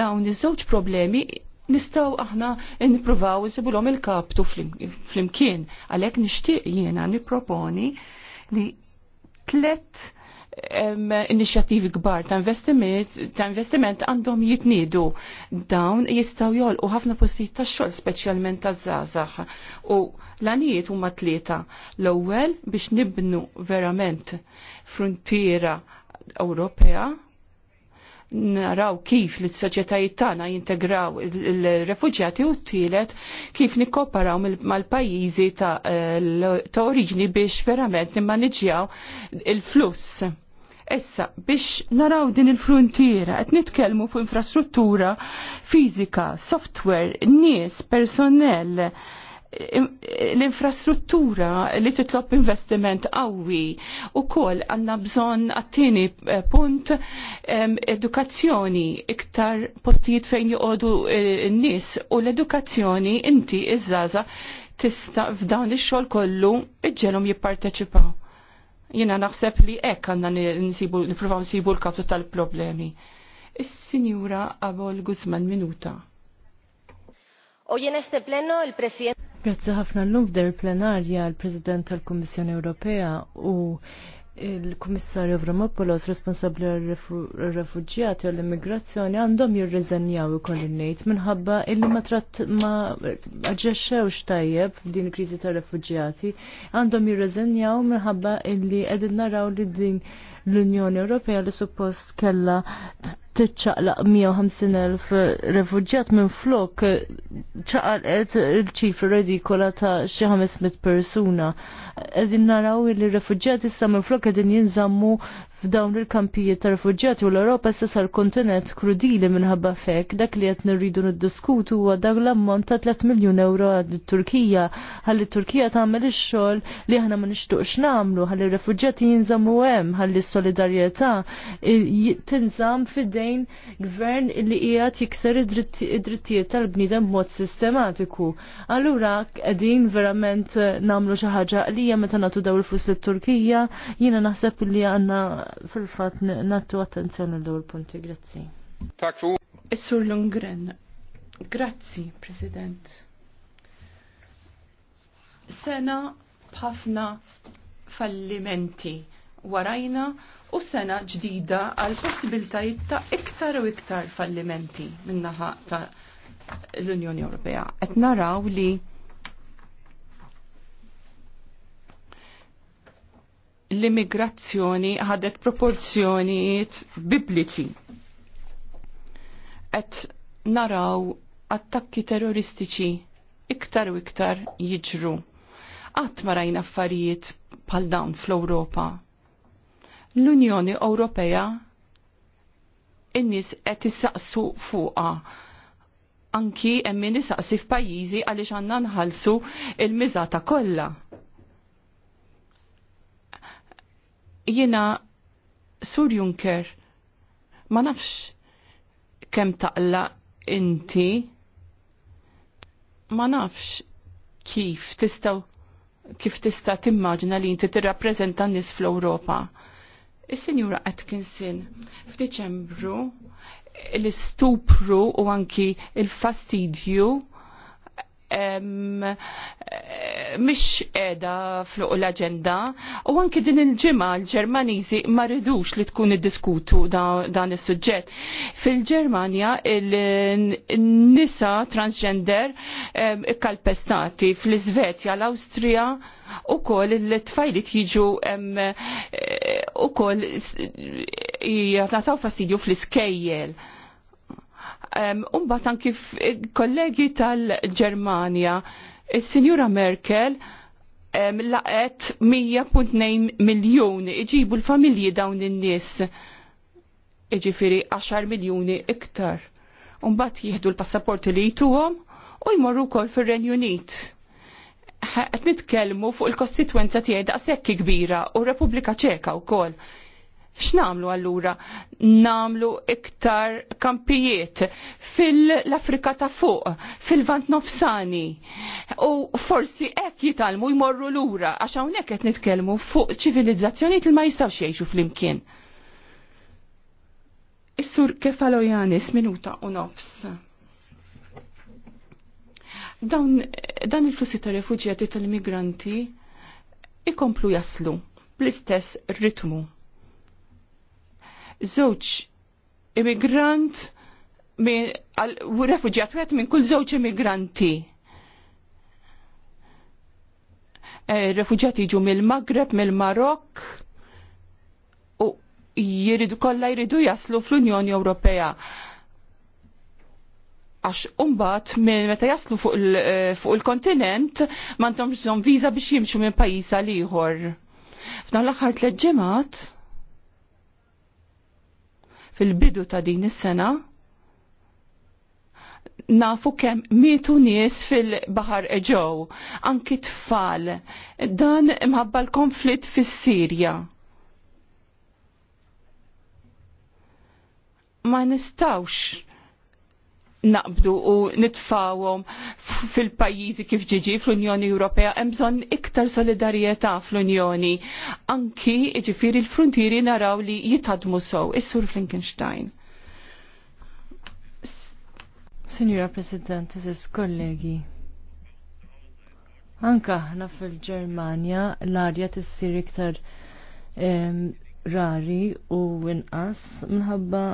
Dawn iż-żewġ problemi nistaw aħna nipruvaw nsibulhom il-kaptu flimkien. Għalhekk nixtieq jiena nipproponi li tlet inixjattivi kbar ta' investiment ta' investiment għandhom jitniedu dawn jistaw jolqu ħafna postijiet ta' xogħol speċjalment ta' zazax. u l-għanijiet huma tlieta. L-ewwel biex nibnu verament frontiera Ewropea naraw kif li soċjetajiet tagħna jintegraw il-refuġjati u t-tielet kif nikkoparaw mal-pajjiżi ta' eh, oriġni biex verament nimmaniġjaw il-fluss. Issa, biex naraw din il-frontiera, qed nitkellmu fuq infrastruttura fizika, software, nies, personnel, l-infrastruttura li titlob investiment qawwi u kol għanna bżon għattini eh, punt edukazzjoni iktar postijiet fejn joqodu eh, n-nis u l-edukazzjoni inti iż-żaza tista f'dawn ix-xogħol kollu iġġelhom jipparteċipaw. Jiena naħseb li hekk għandna nsibu nippruvaw nsibu l kaftu tal-problemi. Is-Sinjura Abol Guzman minuta. Hoy en este pleno el presidente Grazzi ħafna l-lum f'der plenarja l-President tal-Kommissjoni Ewropea u il-Kummissarju Avramopoulos responsabbli għal-refugjati u l-immigrazzjoni għandhom jirriżenjaw ikolli ngħid minħabba illi ma tratt ma aġġexxewx tajjeb din kriżi tar-refugjati għandhom jirriżenjaw minħabba illi qegħdin naraw li din l-Unjoni Ewropea li suppost kellha tiċċaqlaq 150.000 refuġjat minn flok eh, ċaqalqet il-ċifra redikola ta' xi 500 persuna. Qegħdin naraw li refuġjat issa minn flok qegħdin jinżammu f'dawn il-kampijiet ta' refuġjati u l-Ewropa issa sar kontinent krudili minħabba fek dak li qed nirridu niddiskutu huwa dak l-ammont ta' 3 miljun euro għad-Turkija ħalli Turkija tagħmel ix-xogħol li aħna ma nixtuqx nagħmlu ħalli r refuġġjati jinżammu hemm ħalli s-solidarjetà tinżamm fidejn fejn gvern li qiegħed jikser id-drittijiet tal-bniedem b'mod sistematiku. Allura qegħdin verament eh, nagħmlu xi ħaġa li hija meta nagħtu dawl flus lit-Turkija, jiena naħseb li għandna fil-fatt nattu attenzjoni l dawl punti. Grazzi. Is-Sur Lundgren. Grazzi, President. Sena b'ħafna fallimenti warajna u sena ġdida għal possibiltajiet ta' iktar u iktar fallimenti minnaħa ta' l-Unjoni Ewropea. Qed naraw li l-immigrazzjoni ħadet proporzjonijiet bibliċi. Qed naraw attakki terroristiċi iktar u iktar jiġru. Qatt ma rajna affarijiet bħal dawn fl-Ewropa l-Unjoni Ewropea in-nies qed issaqsu fuqha. Anki hemm min issaqsi f'pajjiżi għaliex għandna nħallsu l miżata kollha. Jiena Sur Juncker, ma nafx kemm taqla inti ma nafx kif tistaw kif tista' timmaġina li inti tirrappreżenta n-nies fl-Ewropa Is-Sinjura Atkinson f'Diċembru l-istupru u anki il-fastidju Eh, mish edha fluq l-agenda u anki din il ġima l-Ġermaniżi ma ridux li tkun iddiskutu dan is-suġġett. Fil-Ġermanja il-nisa transgender ikkalpestati fl-Iżvezja, l-Awstrija u kol il-tfajlit jiġu eh, u kol jatnataw fastidju fl-iskejjel Umbat anki kollegi tal-Germania, il-Sinjura Merkel laqet 100.2 miljoni iġibu l-familji dawn in-nies. Iġifiri 10 miljoni iktar. Umbat jihdu l-passaporti li jituhom u jmorru kol fir-Renju Unit qed nitkellmu fuq il-kostitwenza tiegħi daqshekk kbira u Repubblika Ċeka wkoll x'namlu allura? Namlu iktar kampijiet fil-Afrika ta' fuq, fil-Vant Nofsani. U forsi hekk jitalmu jmorru lura għax hawnhekk qed nitkellmu fuq ċivilizzazzjonijiet li ma jistgħux jgħixu flimkien. Is-sur Kefalojanis minuta u nofs. Dawn dan il-flussi ta' refuġjati tal-immigranti ikomplu jaslu bl-istess ritmu żewġ immigrant u refugjat wieħed minn kull żewġ immigranti. E, refugjati jiġu mill-Magreb, mill-Marok u jiridu kollha jridu jaslu fl-Unjoni Ewropea għax umbat minn meta jaslu fuq e, il-kontinent mandomx bżon viza biex jimxu minn pajjiż għal ieħor. F'dan l-aħħar tliet ġimgħat fil-bidu ta' din is-sena nafu kem mietu nies fil-Bahar Eġow, anki tfal, dan imħabba l-konflitt fis sirja Ma nistawx naqbdu u nitfawhom fil-pajjiżi kif ġiġi fl-Unjoni Ewropea hemm bżonn iktar solidarjetà fl-Unjoni. Anki ġifieri l frontieri naraw li jitadmu sow. Is-Sur Frankenstein. Signora President, eżis kollegi. Anka ħna fil-Ġermanja l-arja tissir iktar rari u inqas minħabba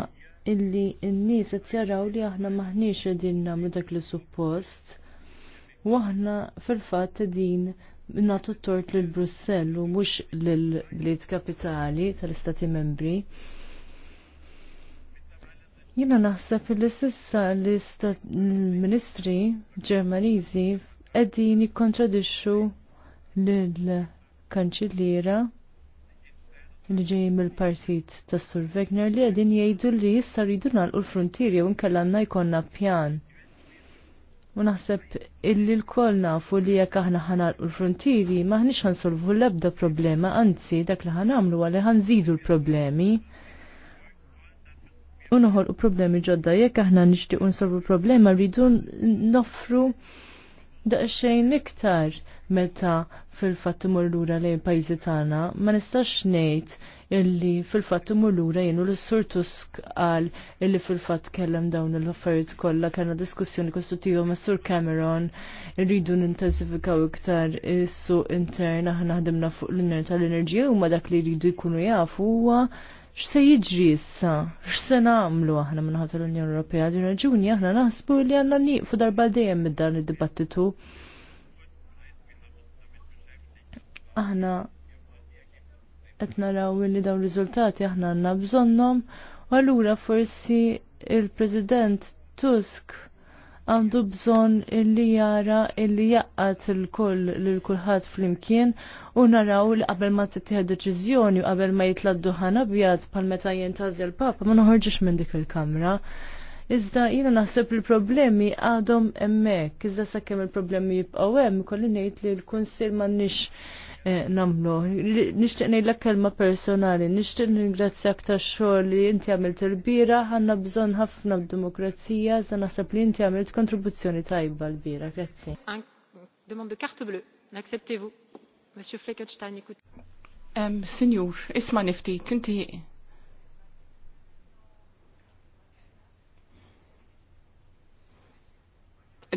illi n-nies qed jaraw li aħna maħniex qegħdin nagħmlu dak li suppost. U aħna fil-fatt qegħdin nagħtu t-tort lil Brussell u mhux lil bliet kapitali tal-Istati Membri. Jina naħseb li sissa li l-ministri ġermaniżi qegħdin jikkontradixxu lil kanċilliera li ġej mill-partit tas Sur Wegner li għedin jgħidu li jissa rridu nagħlqu l-frontieri u nkellanna jkollna pjan. U naħseb illi l-koll nafu li jekk aħna ħanalqu l-frontieri maħniex ħansolvu l-ebda problema, anzi dak li ħanamlu għalli ħanżidu l-problemi. U noħolqu problemi ġodda jekk aħna nixtiequ nsolvu problema rridu noffru daqsxejn iktar meta fil-fatt imur lura lejn pajjiżi tagħna, ma nistax ngħid illi fil-fatt imur lura jienu l sur Tusk qal illi fil-fatt kellem dawn l-affarijiet kollha kellna diskussjoni kostruttiva ma' Sur Cameron irridu nintensifikaw iktar is-suq intern aħna ħdimna fuq l-inner tal-enerġija huma dak li jridu jkunu jafu huwa x'se jiġri issa, x'se nagħmlu aħna minħabba l-Unjoni Ewropea din raġuni aħna naħsbu li għandna nieqfu darba dejjem mid-dan id-dibattitu aħna qed naraw li dawn riżultati aħna għandna bżonnhom u allura forsi il-President Tusk għandu bżonn illi jara illi jaqqat il-koll lil kulħadd flimkien u naraw li qabel ma tittieħed deċiżjoni u qabel ma jitladdu ħana bjad bħal meta jintażja l-Papa ma noħorġux minn dik il-kamra. Iżda jina naħseb il-problemi għadhom emmek, iżda sakemm il-problemi jibqaw hemm, kolli ngħid li l-kunsil m'għandniex namlu. Nishtiq ngħidlek kelma personali, nixtieq ningrazzja aktar xogħol li inti għamilt il-bira, ħanna bżonn ħafna b'demokrazija, zan naħseb li inti għamilt kontribuzzjoni tajba l-bira. Grazzi. Demande carte bleue. N'acceptez-vous Monsieur Fleckenstein, écoute. Senjur, isma niftit, inti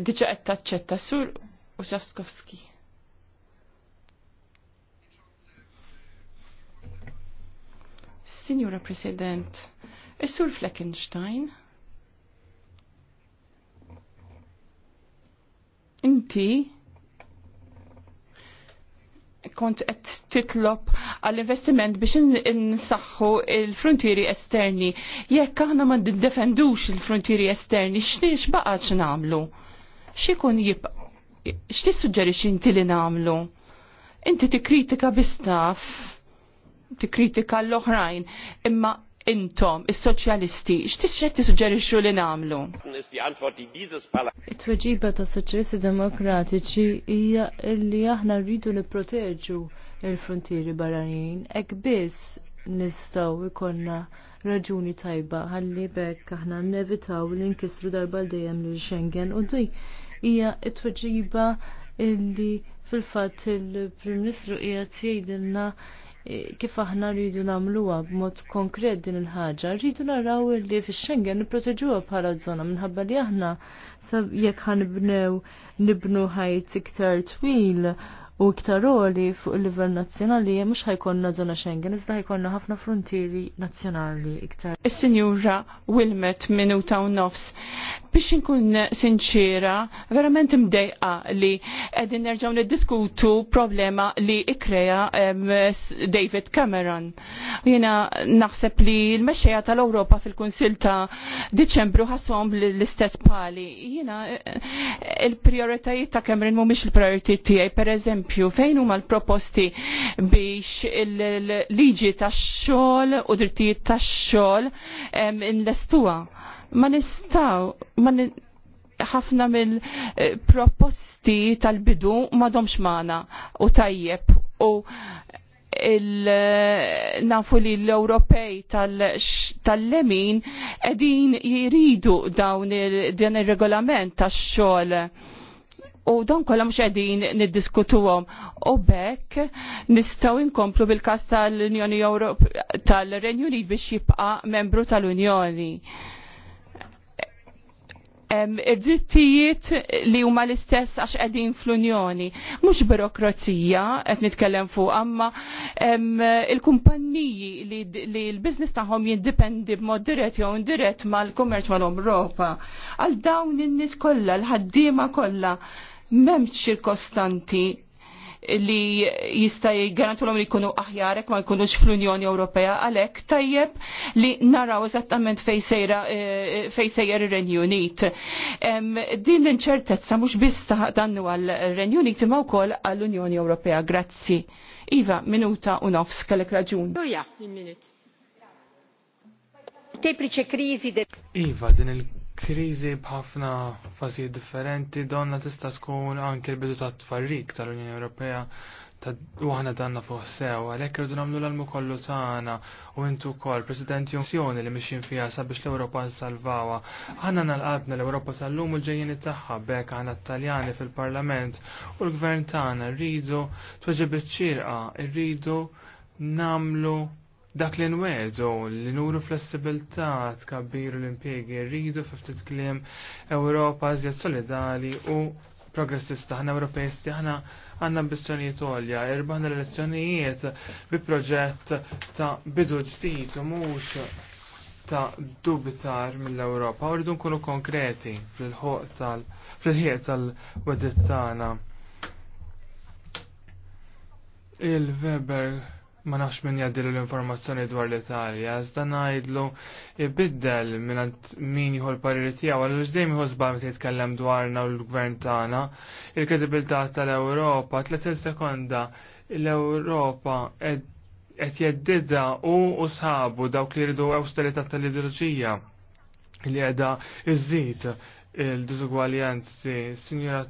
Dġa qed taċċetta sur Uċaskowski. Signora President, Is-Sur Fleckenstein, inti kont qed titlob għall-investiment biex insaħħu il-frontieri esterni. Jekk aħna ma ndifendux il-frontieri esterni, x'niex baqgħet nagħmlu? X'ikun jibqa' x'tissuġġerixx inti li nagħmlu? Inti tikkritika bi staff tikkritika l-oħrajn, imma intom, is-soċjalisti, x'tixxed tissuġġerixxu li nagħmlu? It-tweġiba ta' soċjalisti demokratiċi hija li aħna rridu nipproteġu l frontieri barranin, hekk biss nistgħu ikonna raġuni tajba ħalli bekk aħna nevitaw li nkissru darba dejjem lil Schengen u di hija t-tweġiba illi fil-fatt il-Prim Ministru qiegħed jgħidilna Eh, kif aħna rridu nagħmluha b'mod konkret din il-ħaġa, rridu naraw li fix-Schengen nipproteġuha bħala żona minħabba li aħna jekk ħanibnew nibnu ħajt iktar twil u iktar roli fuq il-livell nazzjonali mhux ħajkonna żona Schengen, iżda ħajkonna ħafna frontieri nazzjonali iktar. Is-Sinjura Wilmet minuta u nofs. Biex inkun sinċira, verament imdejqa li qegħdin nerġgħu niddiskutu problema li ikreja David Cameron. Jiena naħseb li l-mexxejja tal-Ewropa fil-Kunsil ta' Diċembru ħasom l-istess pali. Jiena eh, il-prioritajiet ta' Cameron mhumiex il-prioritajiet tiegħi, pereżempju eżempju, fejn huma l-proposti biex il-liġi tax-xogħol u drittijiet tax-xogħol nlestuha. Ma nistgħu, ma ħafna mill-proposti tal-bidu m'għadhomx magħna u tajjeb u nafu li l-Ewropej tal-lemin edin jiridu dawn ir il-regolament tax xogħol u dan kollha mhux qegħdin niddiskutuhom u bekk nistgħu inkomplu bil-każ tal-Unjoni Ewropea tal-Renju Unit biex jibqa' membru tal-Unjoni. Id-drittijiet li huma l-istess għax qegħdin fl-Unjoni, mhux birokrazija qed nitkellem fuq, amma il-kumpanniji li l-biznis tagħhom jindipendi b'mod dirett jew indirett mal-kummerċ mal-Ewropa. Għal dawn in-nies kollha, l-ħaddiema kollha, memx il-kostanti li jista' jgarantulhom li jkunu aħjarek ma jkunux fl-Unjoni Ewropea għalhekk tajjeb li naraw eżattament fejn eh, sejjer ir-Renju Unit. Din l-inċertezza mhux biss dannu għall-Renju Unit imma wkoll għall-Unjoni Ewropea. Grazzi. Iva, minuta u nofs kellek raġun. Oh, iva, din il kriżi b'ħafna fazi differenti donna tista' tkun anke l-bidu ta' tfarrik tal-Unjoni Ewropea ta' waħna danna fuq sew, għalhekk irdu nagħmlu l-almu kollu tagħna u intu wkoll President Junzjoni li mixin fiha sabiex l-Ewropa nsalvawha. Aħna nalqabna l-Ewropa tal-lum u l-ġejjini tagħha bekk aħna Taljani fil-Parlament u l-Gvern tagħna rridu tweġib iċ-ċirqa, rridu namlu dak li nwedu li nuru flessibilità tkabbiru l-impiegi rridu f'ftit kliem Ewropa żjed solidali u progressista ħna Ewropejisti ħna għanna ambizzjonijiet għolja, irbaħna l-elezzjonijiet bi proġett ta' bidu ġdid u mhux ta' dubitar mill-Ewropa. Rridu nkunu konkreti fil-ħieq tal fil-ħieq tal tagħna. Il-Weber ma nafx min jaddilu l-informazzjoni dwar l-Italja, iżda najdlu ibiddel minn min jħol pariri tiegħu għal ġdejjem jieħu żbal jitkellem dwarna u l-gvern tagħna. Il-kredibilità tal-Ewropa letil sekonda l-Ewropa qed jeddidha u u sħabu dawk li jridu austerità tal ideologija li qiegħda iżżid il dizugwaljanzi Signora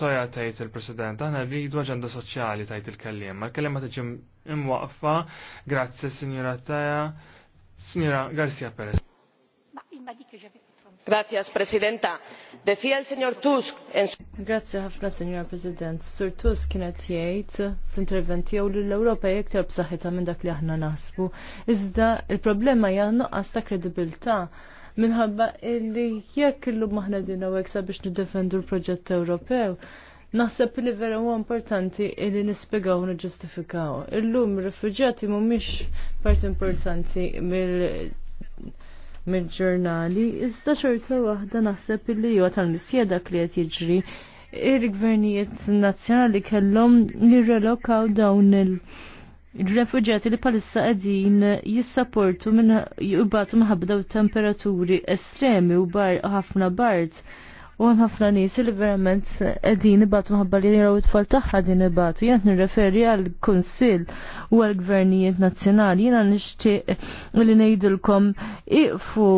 Toja tajt il-President, għana rridu aġenda soċjali tajt il-kellim, ma' kellim ma' imwaqfa. Grazzi, Signora Taja. Signora Garcia Perez. Grazie, Presidenta. Decía el señor Tusk en su... Grazie ħafna, Signora President. Sur Tusk kienet jgħid fl-intervent jew li l-Ewropa jektar b'saħħitha minn dak li aħna naħsbu. Iżda il-problema hija nuqqas ta' kredibilità minħabba illi jekk illum maħna din hawnhekk sabiex niddefendu l-proġett Ewropew Naħseb li vera huwa importanti li nispjegaw u niġġustifikaw. Illum ir-rifuġjati mhumiex part importanti mill ġurnali iżda xorta waħda naħseb li huwa tal-misjeda li qed jiġri il-gvernijiet nazzjonali kellhom jirrelokaw dawn il- il li palissa qegħdin jissapportu minn jibatu minħabda temperaturi estremi u bar ħafna bart U ħafna nis li verament edin ibatu maħabba li jiraw it-tfal taħħa din ibatu. Jgħat nirreferi għal-konsil u għal-gvernijiet nazjonali. Jiena nixtieq li nejdilkom iqfu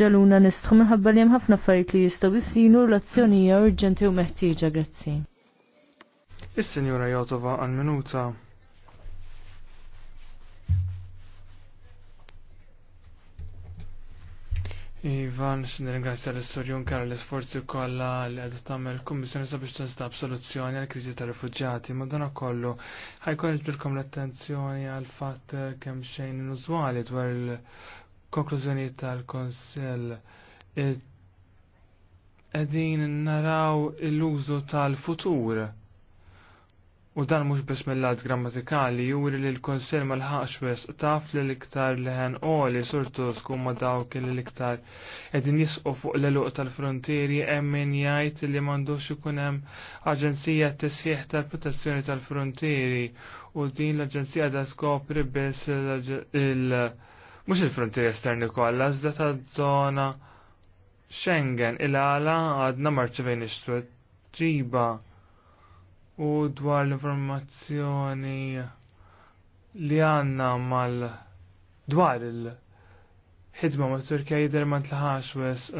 ġaluna nistħu minħabba li ħafna affarijiet li jistaw jisinu l azzjoni urġenti u meħtieġa. Grazzi. Is-Sinjura Jotova għal-minuta. Ivan, nirringrazzja l istorjon kar l-isforzi kollha li qed tagħmel kummissjoni sabiex tinstab soluzzjoni għal kriżi ta' rifugġati. Madonna kollu ħajkun ġbilkom l-attenzjoni għal fatt kemm xejn inużwali dwar il konklużjoni tal-Konsell. Qegħdin naraw l-użu tal-futur U dan mhux biss mill-lat grammatikali juri li l konsil mal-ħax wes taf li l-iktar leħen u li surtu skumma dawk li l-iktar qegħdin jisqu fuq l-eluq tal-frontieri hemm min jgħid li m'għandux ikun hemm aġenzija tisħiħ tal-protezzjoni tal-frontieri u din l-aġenzija da skopri biss il- Mux il-frontieri esterni kollha iżda taż-żona Schengen il-għala għadna marċivejn ix-tweġiba u dwar l-informazzjoni li għanna mal dwar il-ħidma ma' Turkija jider ma' tlaħax wes u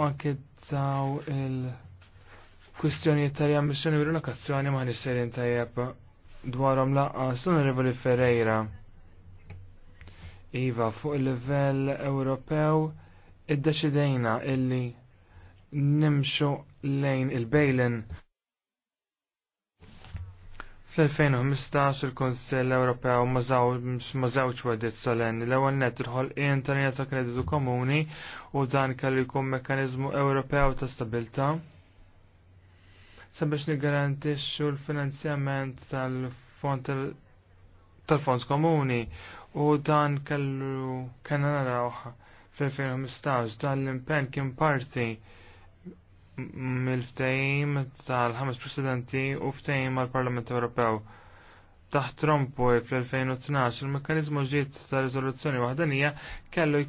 anke daw il-kwistjoni tal-jam biex nirru l-okazzjoni ma' nisserin tajjeb dwarom laqqas l-onorevoli Ferreira. Iva, fuq il-livell Ewropew iddeċidejna illi nimxu lejn il-bejlin Fl-2015 il-Konsell Ewropew żewġ wedit solenni l-ewwel net irħol qien ta' kreditu komuni u dan kellu jkun mekkaniżmu Ewropew ta' stabilta. Sabiex nigarantixxu l-finanzjament tal-fond tal-fond komuni u dan kellu kena naraw fl-2015 dan l-impenn kien parti mill ftehim tal-ħames presidenti u ftehim mal-Parlament Ewropew. Taħt u fl-2012 il mekanizmu ġiet ta' riżoluzzjoni waħdanija kellu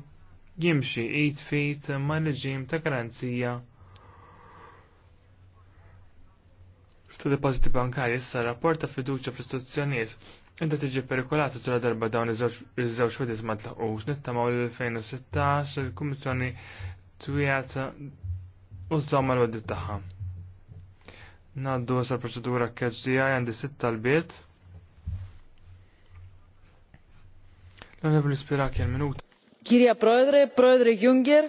jimxi 8 fit ma' reġim ta' garanzija. Sta' depositi bankari issa rapporta fiduċa fl-istituzzjonijiet Inta tiġi perikolata tura darba dawn iż-żewġ fedis ma tlaqux nittamaw l-2016 il-Kummissjoni twiet u żomma l-weddit tagħha. Naddu sa proċedura KHDI għandi sitt tal-biet. L-onorevoli Spiraki għal-minuta. Kirja Proedre, Proedre Junger,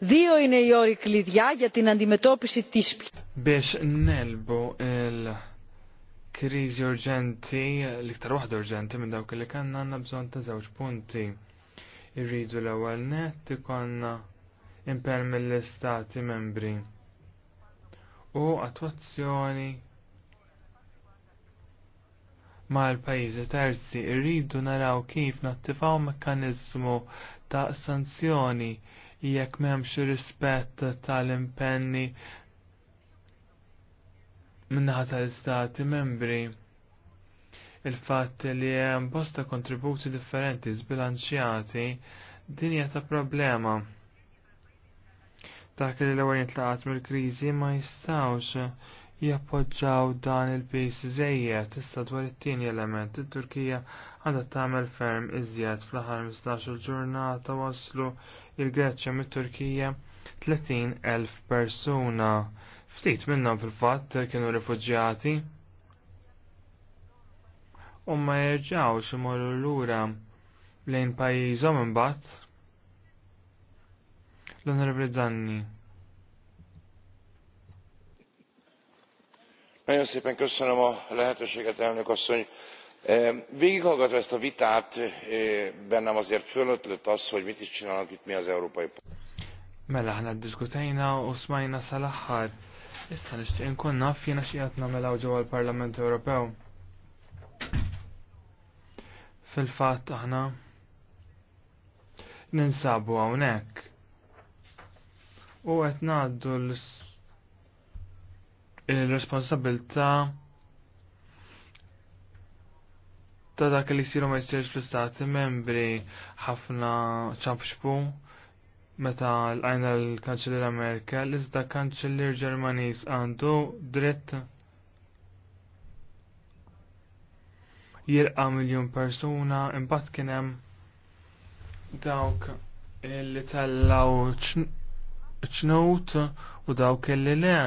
Dio in ejori klidja jatin andimetopisi tispi. Biex nelbu il-krizi urġenti, l-iktar wahda urġenti minn dawk li kanna għanna bżon ta' zewġ punti. Irridu l-ewwel net ikonna imper mill-istati membri u attwazzjoni ma' l-pajizi terzi irridu naraw kif nattivaw mekkanizmu ta' sanzjoni jekk m'hemmx rispett tal-impenni min-naħa tal-istati membri. Il-fatt li hemm bosta kontributi differenti zbilanċjati din hija ta' problema dak li l-ewwel intlaqat mill-kriżi ma jistgħux jappoġġaw dan il pejs żejjed issa dwar it-tieni element it-Turkija għandha tagħmel ferm iżjed fl-aħħar 15-il ġurnata waslu il-Greċja mit-Turkija 30,000 persuna. Ftit minnhom fil-fatt kienu rifuġjati u ma jerġgħux imorru lura lejn pajjiżhom imbagħad L-Onorevoli Zanni. Nagyon szépen köszönöm a lehetőséget, elnök asszony. E, Végighallgatva ezt a vitát, e, bennem azért fölötlött az, hogy mit is csinálnak itt mi az Európai Mela ħana diskutajna u smajna sal-aħħar. Issa nixtieq inkun fina jiena xi qed nagħmilha ġewwa l-Parlament Ewropew. Fil-fatt aħna ninsabu hawnhekk u qed ngħaddu l-responsabilità ta' dak li jsiru ma jsirx fl-istati membri ħafna ċampxpu meta l-għajna l-kanċellir Amerika l-iżda kanċellir Ġermanis għandu dritt jirqa miljon persuna imbat kien hemm dawk li tellaw ċnut u dawk kelli le.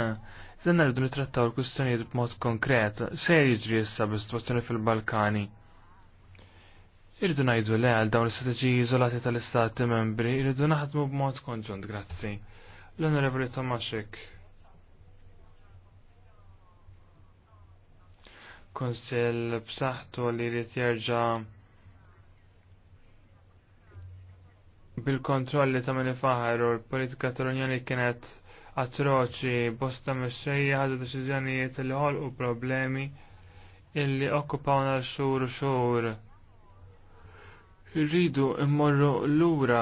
Zanna rridu nitrattaw l-kustjonijiet b'mod konkret, se jiġri issa bis fil-Balkani. Irridu ngħidu le għal dawn l-istrateġiji iżolati tal-Istati membri, irridu naħdmu b'mod konġunt, grazzi. L-Onorevoli Tomaszek. Konsil b'saħħtu li jrid jerġa' bil-kontrolli ta' minn faħar u l-politika tal-Unjoni kienet atroċi bosta mexxejja ħadu deċiżjonijiet li u problemi illi okkupawna l-xhur u xhur. Irridu immorru lura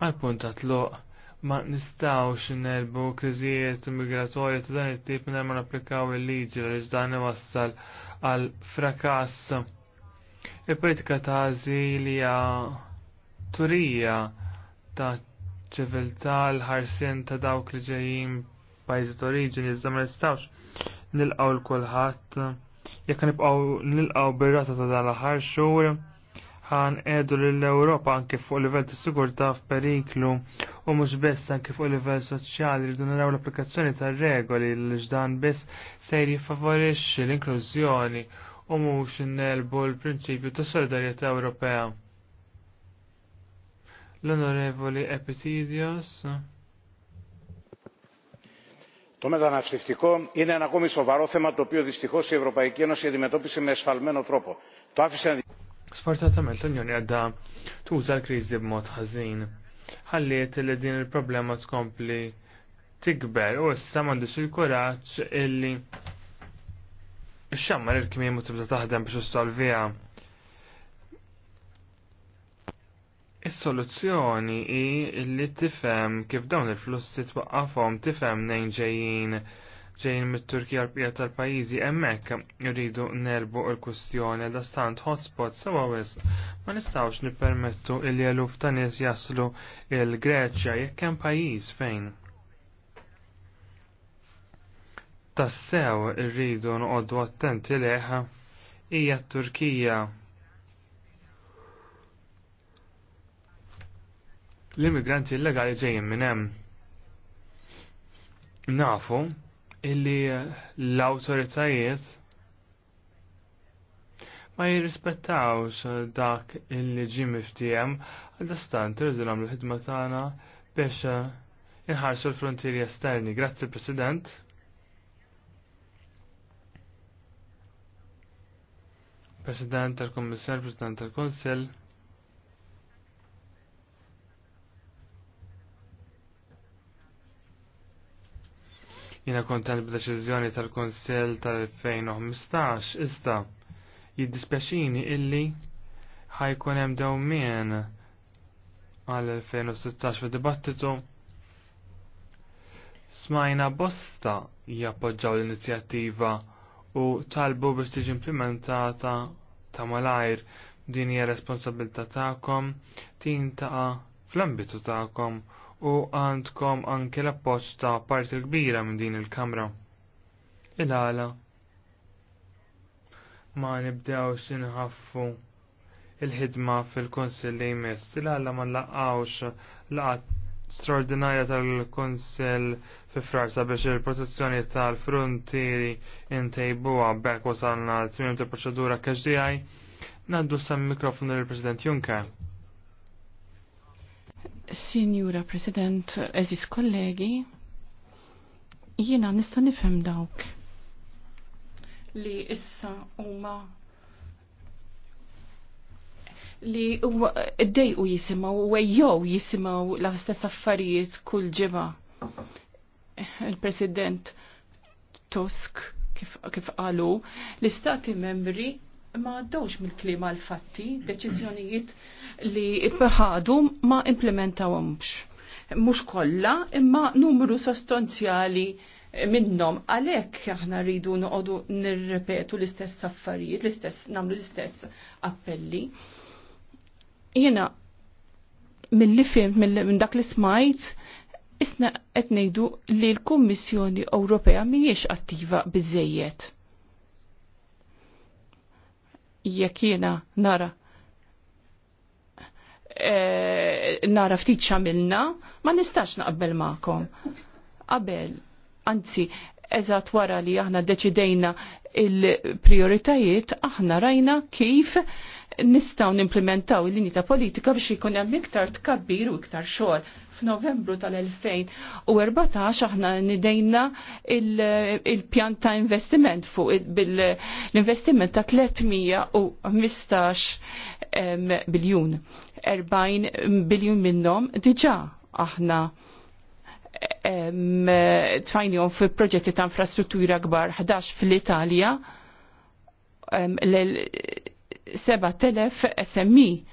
għal punt tluq ma nistawx nelbu kriżijiet migratorji ta' dan it-tip minn ma napplikaw il-liġi li ġdan wassal għal frakass Il-politika ta' azilja turija ta' ċiviltà l ħarsien ta' dawk li ġejjin pajjiżi ta' oriġini iżda ma nistgħux nilqgħu l kulħadd jekk nibqgħu nilqgħu bir-rata ta' dan l-aħħar xhur ħan edu l-Europa anke fuq livell ta' sigurtà f'periklu u mhux biss anke fuq livell soċjali rridu naraw l-applikazzjoni tar regoli li ġdan biss se jiffavorixxi l-inklużjoni u mhux innelbu l-prinċipju ta' solidarjetà Ewropea. L-Onorevoli Epitidios. Το μεταναστευτικό είναι ένα ακόμη σοβαρό θέμα το οποίο δυστυχώ η Ευρωπαϊκή Ένωση αντιμετώπισε με εσφαλμένο τρόπο. Το άφησε. Sfortunatament l-Unjoni għadda tuża l-kriżi b'mod ħażin. Ħalliet li din il-problema tkompli tikber u issa m'għandix il-kuraġġ illi Ix-xammar il-kmim u tibda taħdem biex issolvija. Is-soluzzjoni hi li tifhem kif dawn il-flussi twaqqafhom tifhem nejn ġejjin ġejjin mit-Turkija l-bqija tal-pajjiżi hemmhekk irridu nerbu l-kwistjoni da stant hotspot sewa wisq ma nistgħux nippermettu li eluf ta' nies jaslu il-Greċja jekk hemm pajjiż fejn. tassew irridu noqoddu attenti leħ hija Turkija l-immigranti illegali ġejjin minn hemm. Nafu illi l-awtoritajiet ma jirrispettawx dak illi ġi miftijem għal dastan tirżilhom l-ħidma tagħna biex inħarsu l-frontieri esterni. Grazzi President. President tal-Kommissar, President tal-Konsel. Jina kontent b'deċiżjoni tal-Konsel tal-2015, iżda jiddispjaċini illi ħajkun hemm dewmien għal 2016 fi dibattitu smajna bosta jappoġġaw l-inizjattiva u talbu biex tiġi implementata ta' malajr din hija responsabilità tagħkom, tin fl-ambitu tagħkom u għandkom anke l-appoġġ ta' parti kbira minn din il-kamra. Il-għala ma nibdewx inħaffu il-ħidma fil li jmiss, il għala ma nlaqgħux laqat straordinarja tal-Konsell fi Franza biex il-protezzjoni tal-frontieri intejbuha bekk wasalna t-tmim ta' proċedura KHDI. Naddu sam mikrofonu lill-President Juncker. Signora President, eżis kollegi, jiena nista' nifhem dawk li issa huma li id-dejqu jisimaw, wejjow jisimaw la stess affarijiet kull ġimgħa. Il-President Tusk kif, qalu, l-istati membri ma għaddawx mill-klima l-fatti, deċizjonijiet li ħadu ma implementawhomx. Mhux kollha, imma numru sostanzjali minnhom għalhekk aħna rridu noqogħdu nirrepetu l-istess affarijiet, l-istess nagħmlu l-istess appelli. Jena mill-li fim, minn dak li smajt, isna qed ngħidu li l-Kummissjoni Ewropea mhijiex attiva bizzejiet. Jekk jiena nara e, nara ftit xamilna, ma nistax naqbel ma'kom. Qabel, anzi, eżat wara li aħna deċidejna il-prioritajiet, aħna rajna kif nistaw nimplementaw il-linji ta' politika biex jkun hemm iktar tkabbir u iktar xogħol. F'Novembru tal-2014 aħna nidejna il-pjan ta' investiment fuq l investiment ta' 315 biljun. 40 biljun minnhom diġà aħna tfajnjom fi proġetti ta' infrastruttura kbar 11 fil-Italja 7000 SMI.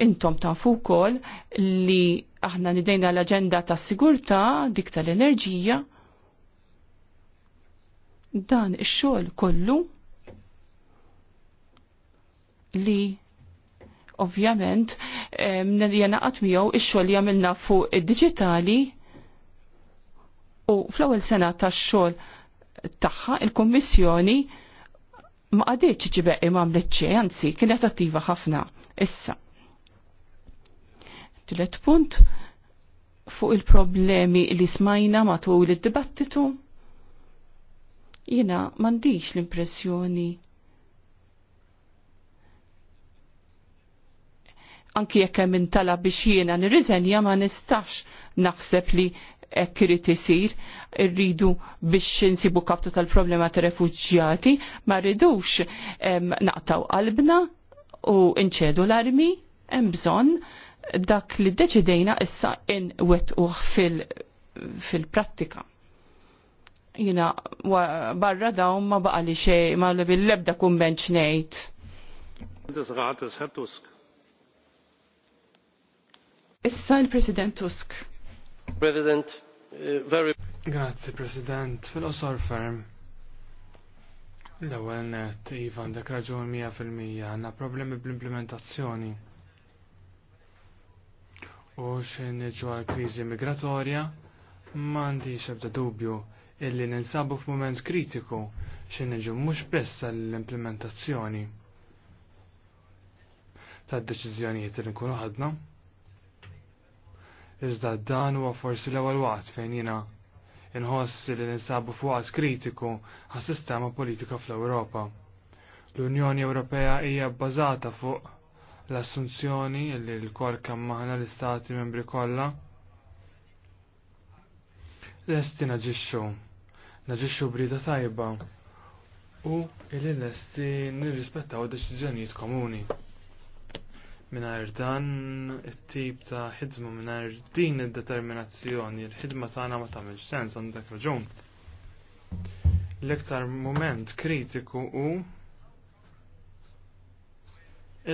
Intom tafu wkoll li aħna nidejna l-aġenda tas sigurtà dik tal-enerġija. Dan ix-xogħol kollu li ovvjament jena għatmijaw ix-xogħol li għamilna fuq id-diġitali u fl-ewwel sena tax-xogħol tagħha il-Kummissjoni il kommissjoni il kummissjoni ma għadiċ ċibeqi imam leċċe, għanzi, kienet attiva ħafna, issa. Tilet punt, fuq il-problemi li smajna matul id-dibattitu, jina mandiċ l-impressjoni anki jekk hemm intala biex jiena nirriżenja ma nistax naħseb li ekk irid isir, rridu biex insibu kaptu tal-problema ta' refuġjati, ma rridux naqtaw qalbna u nċedu l-armi, hemm bżonn dak li deċidejna issa in wetquh fil-prattika. Fil Jina barra dawn ma baqa li xej, ma li bil kun bench ngħid. Issa il-President Tusk. President, eh, very... Grazie, President. Fil-qosor ferm. L-ewwel net iva għandek raġun 100% għandna problemi bl-implementazzjoni. U xin niġu għal kriżi migratorja, m'għandix ebda dubju illi ninsabu f'mument kritiku xin niġu mhux biss għall-implementazzjoni tad-deċiżjonijiet li nkunu ħadna iżda dan huwa forsi l-ewwel waqt fejn jiena inħoss li ninsabu fuqat kritiku għas-sistema politika fl-Ewropa. L-Unjoni Ewropea hija bbażata fuq l-assunzjoni li l-kol kemm maħna l-istati membri kollha. Lesti naġixxu, naġixxu brida tajba u illi lesti nirrispettaw deċiżjonijiet komuni. Minar dan it-tip ta' ħidma minar din id-determinazzjoni, il-ħidma tagħna ma tagħmel sens għandek raġun. L-iktar moment kritiku u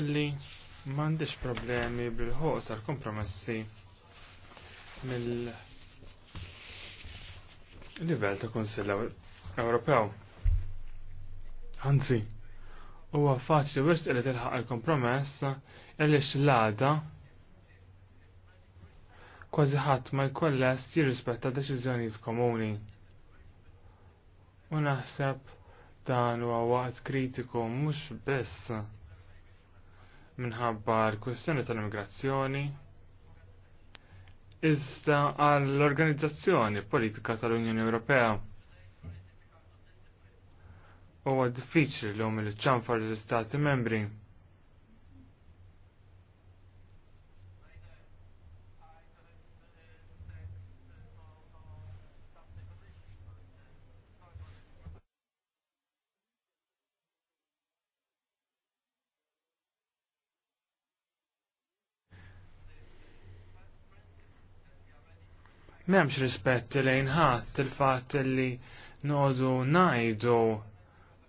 illi m'għandix problemi bil-ħoq tal-kompromessi mill livell ta' Kunsill Ewropew. Anzi, huwa faċli wisq li tilħaq il-kompromess illi xlada kważi ħadd ma jkollest jirrispetta deċiżjonijiet komuni. U naħseb dan huwa waqt kritiku mhux biss minħabba l-kwistjoni tal-immigrazzjoni iżda għall-organizzazzjoni politika tal-Unjoni Ewropea huwa diffiċli l il-ċanfar l-Istati membri. Memx rispett lejn ħadd il-fatt li nodu najdu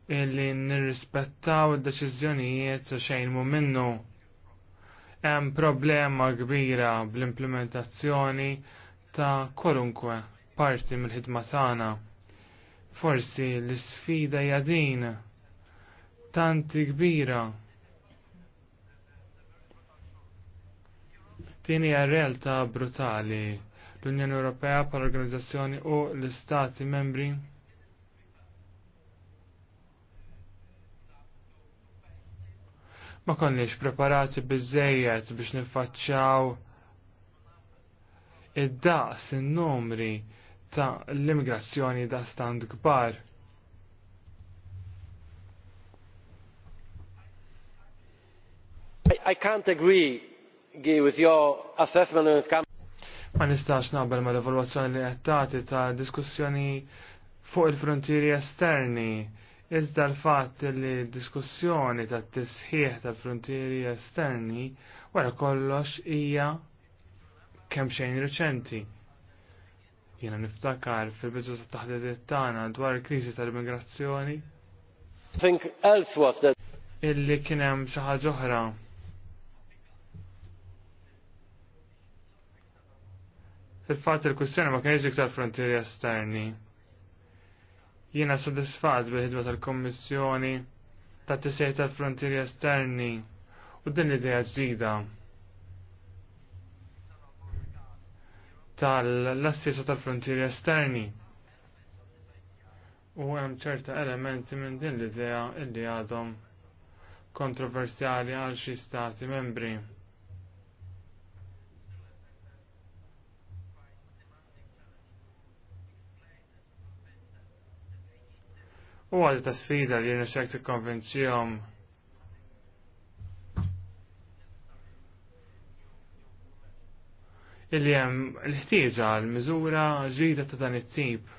illi nirrispettaw id-deċiżjonijiet xejn mu minnu. Hemm problema kbira bl-implementazzjoni ta' korunkwe parti mill-ħidma tagħna. Forsi l-isfida hija din tanti kbira. Din hija realtà brutali l-Unjoni Ewropea pal organizzazzjoni u l-Istati membri ma konniex preparati bizzejiet biex nifacċaw id-daqs in-numri ta' l-immigrazzjoni da' stand kbar. I, I can't agree with your assessment when it comes Ma nistax nabel ma l evoluzzjoni li qed tagħti ta' diskussjoni fuq il-frontieri esterni Iżda l-fatt li diskussjoni ta' tisħiħ tal-frontieri esterni wara kollox hija kemm xejn reċenti. Jiena niftakar fil-bidu ta' taħdidiet tagħna dwar il-kriżi tal-immigrazzjoni. Think else was that illi kien hemm xi ħaġa oħra. Fil-fatt il-kwistjoni ma kienx iktar frontieri esterni. Jiena sodisfat bil-ħidma tal-Kommissjoni ta' tisej tal-frontieri esterni u din l-idea ġdida tal-assisa tal-frontieri esterni. U hemm ċerta elementi minn din l-idea illi għadhom kontroversjali għal xi stati membri. U għad ta' sfida li nixek tikkonvinċihom illi jem l-ħtieġa għal miżura ġrida ta' dan it-tip.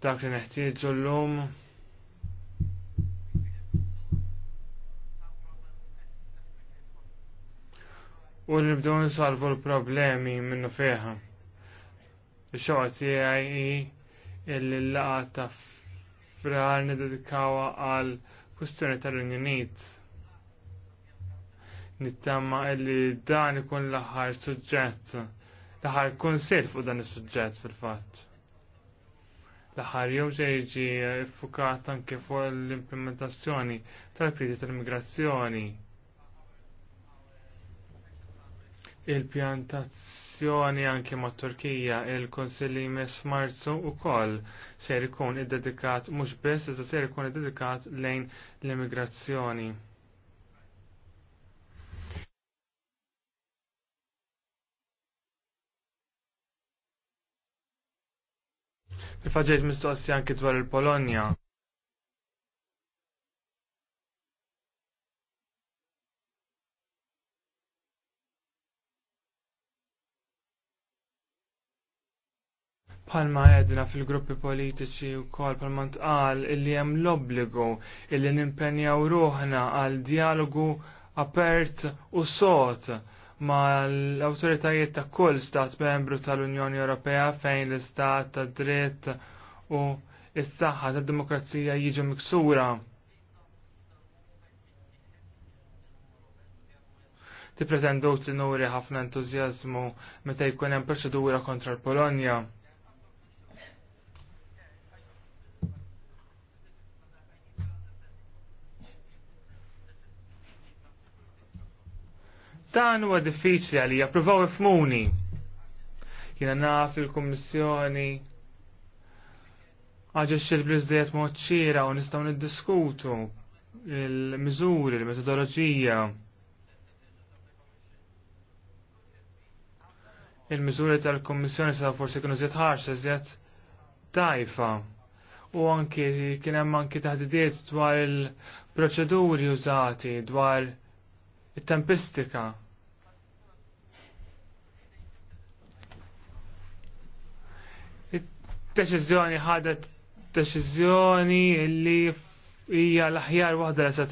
Dak li neħtieġu llum u nibdew nsalvu l-problemi minnu feħam xorti għaj il-laqa ta' frar nededikawa għal kustjoni tal-Unjonit. Nittama illi dan ikun l aħħar suġġett, l-ħar konsil fuq dan is-suġġett fil-fatt. l aħħar jew ġejġi iffukat anke fuq l-implementazzjoni tal-kriżi tal-immigrazzjoni. Il-pjantazzjoni diskussjoni anke ma' Turkija il-Konsilli Mes Marzu u koll ser ikun id-dedikat, mux biss, iżda ser ikun id-dedikat lejn l-immigrazzjoni. Ifaġġejt mistoqsi anki dwar il-Polonja. palma għedna fil-gruppi politiċi u kol palma ntqal illi jem l-obbligu illi nimpenjaw ruħna għal dialogu apert u sot ma l-autoritajiet ta' kull stat membru tal-Unjoni Ewropea fejn l-istat ta' dritt u s-saħħa ta' demokrazija jiġu miksura. pretendu t nuri ħafna entużjażmu meta jkun hemm proċedura kontra l-Polonja. Dan huwa diffiċli għalija, jappruvaw ifmuni. Jiena naf il-Kummissjoni għagġa xil blizdiet moċċira u nistgħu niddiskutu il-miżuri, il-metodoloġija. Il-miżuri tal-Kommissjoni sa forsi kienu zjed ħarxa zjed tajfa. U anki kien hemm anki taħdidiet dwar il-proċeduri użati, dwar it-tempistika. deċiżjoni ħadet deċiżjoni li hija l-aħjar waħda li se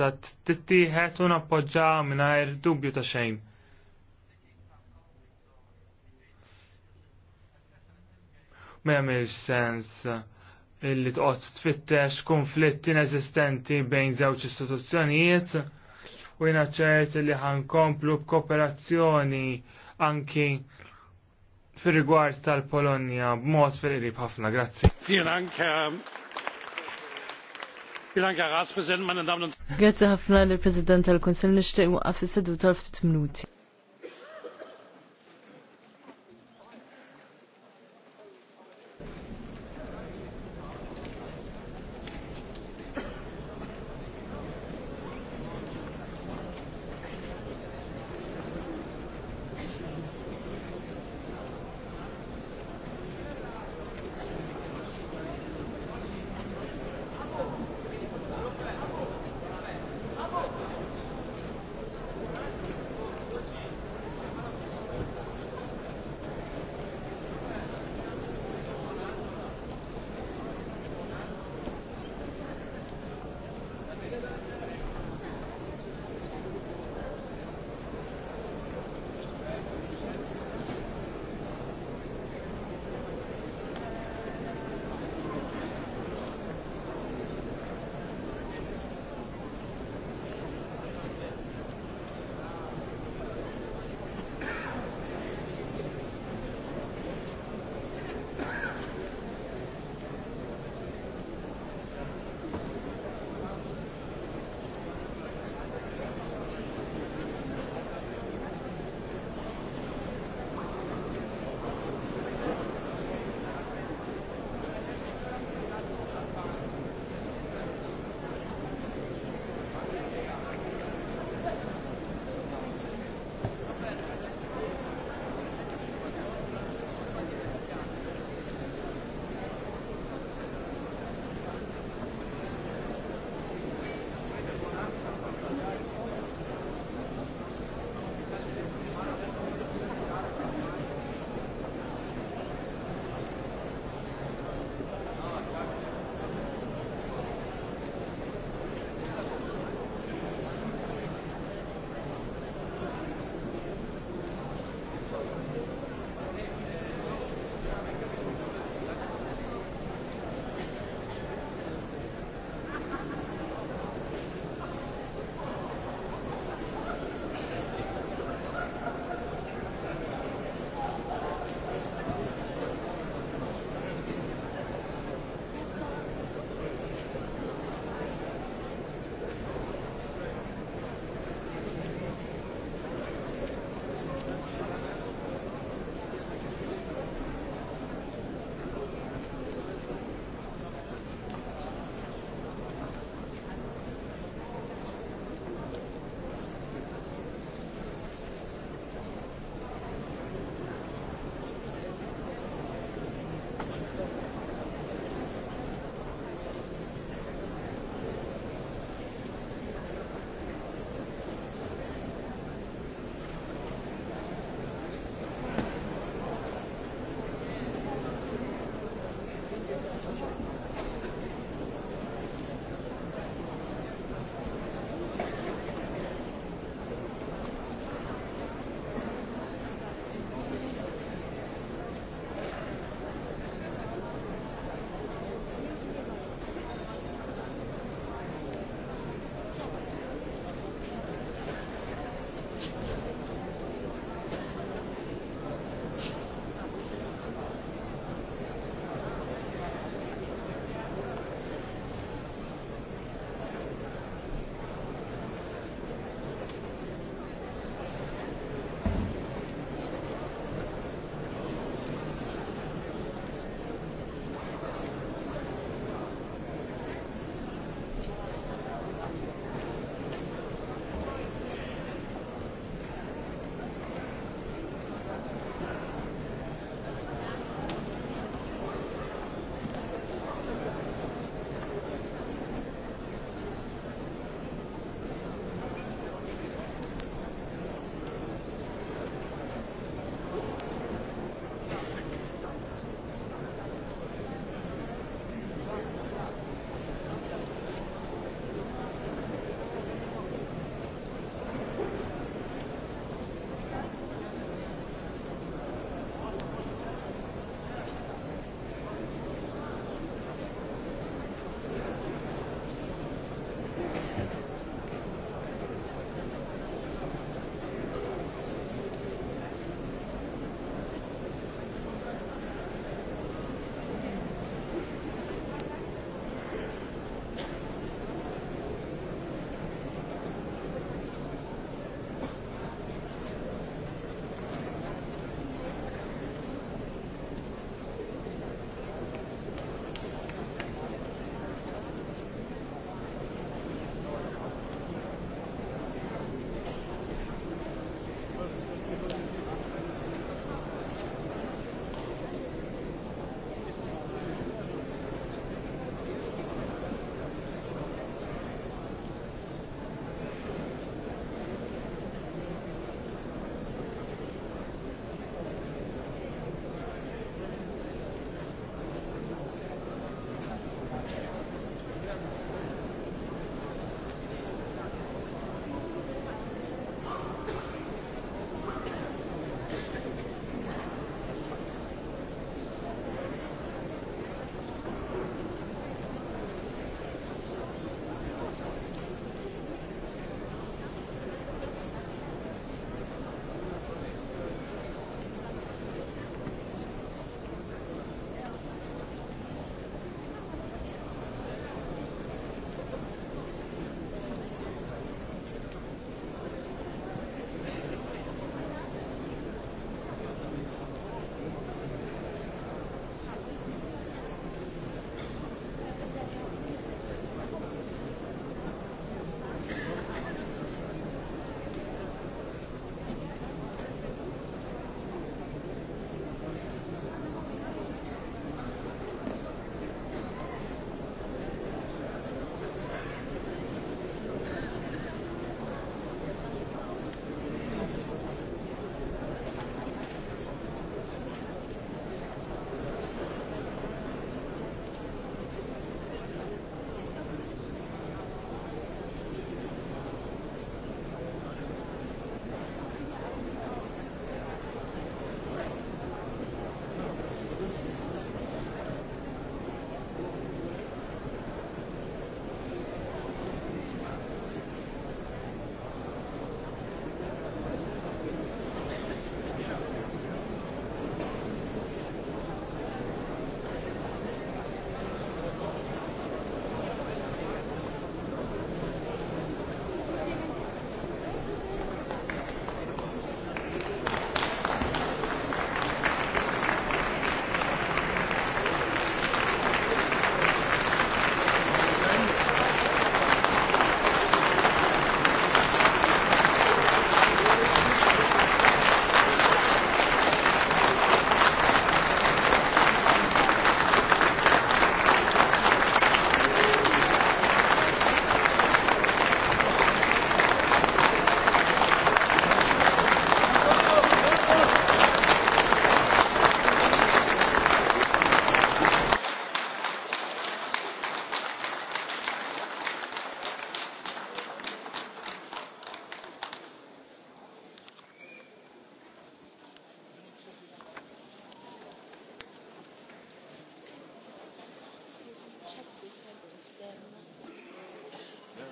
tittieħed u nappoġġa mingħajr dubju ta' xejn. Ma jagħmilx sens illi tqgħod tfittex konflitti inesistenti bejn żewġ istituzzjonijiet u jiena ċert li ħankomplu b'kooperazzjoni anki fir rigward tal-Polonja b'mod fil-qrib ħafna. Grazzi. Grazzi ħafna l-President tal konsil nixtieq waqaf is-sedu tal-ftit minuti.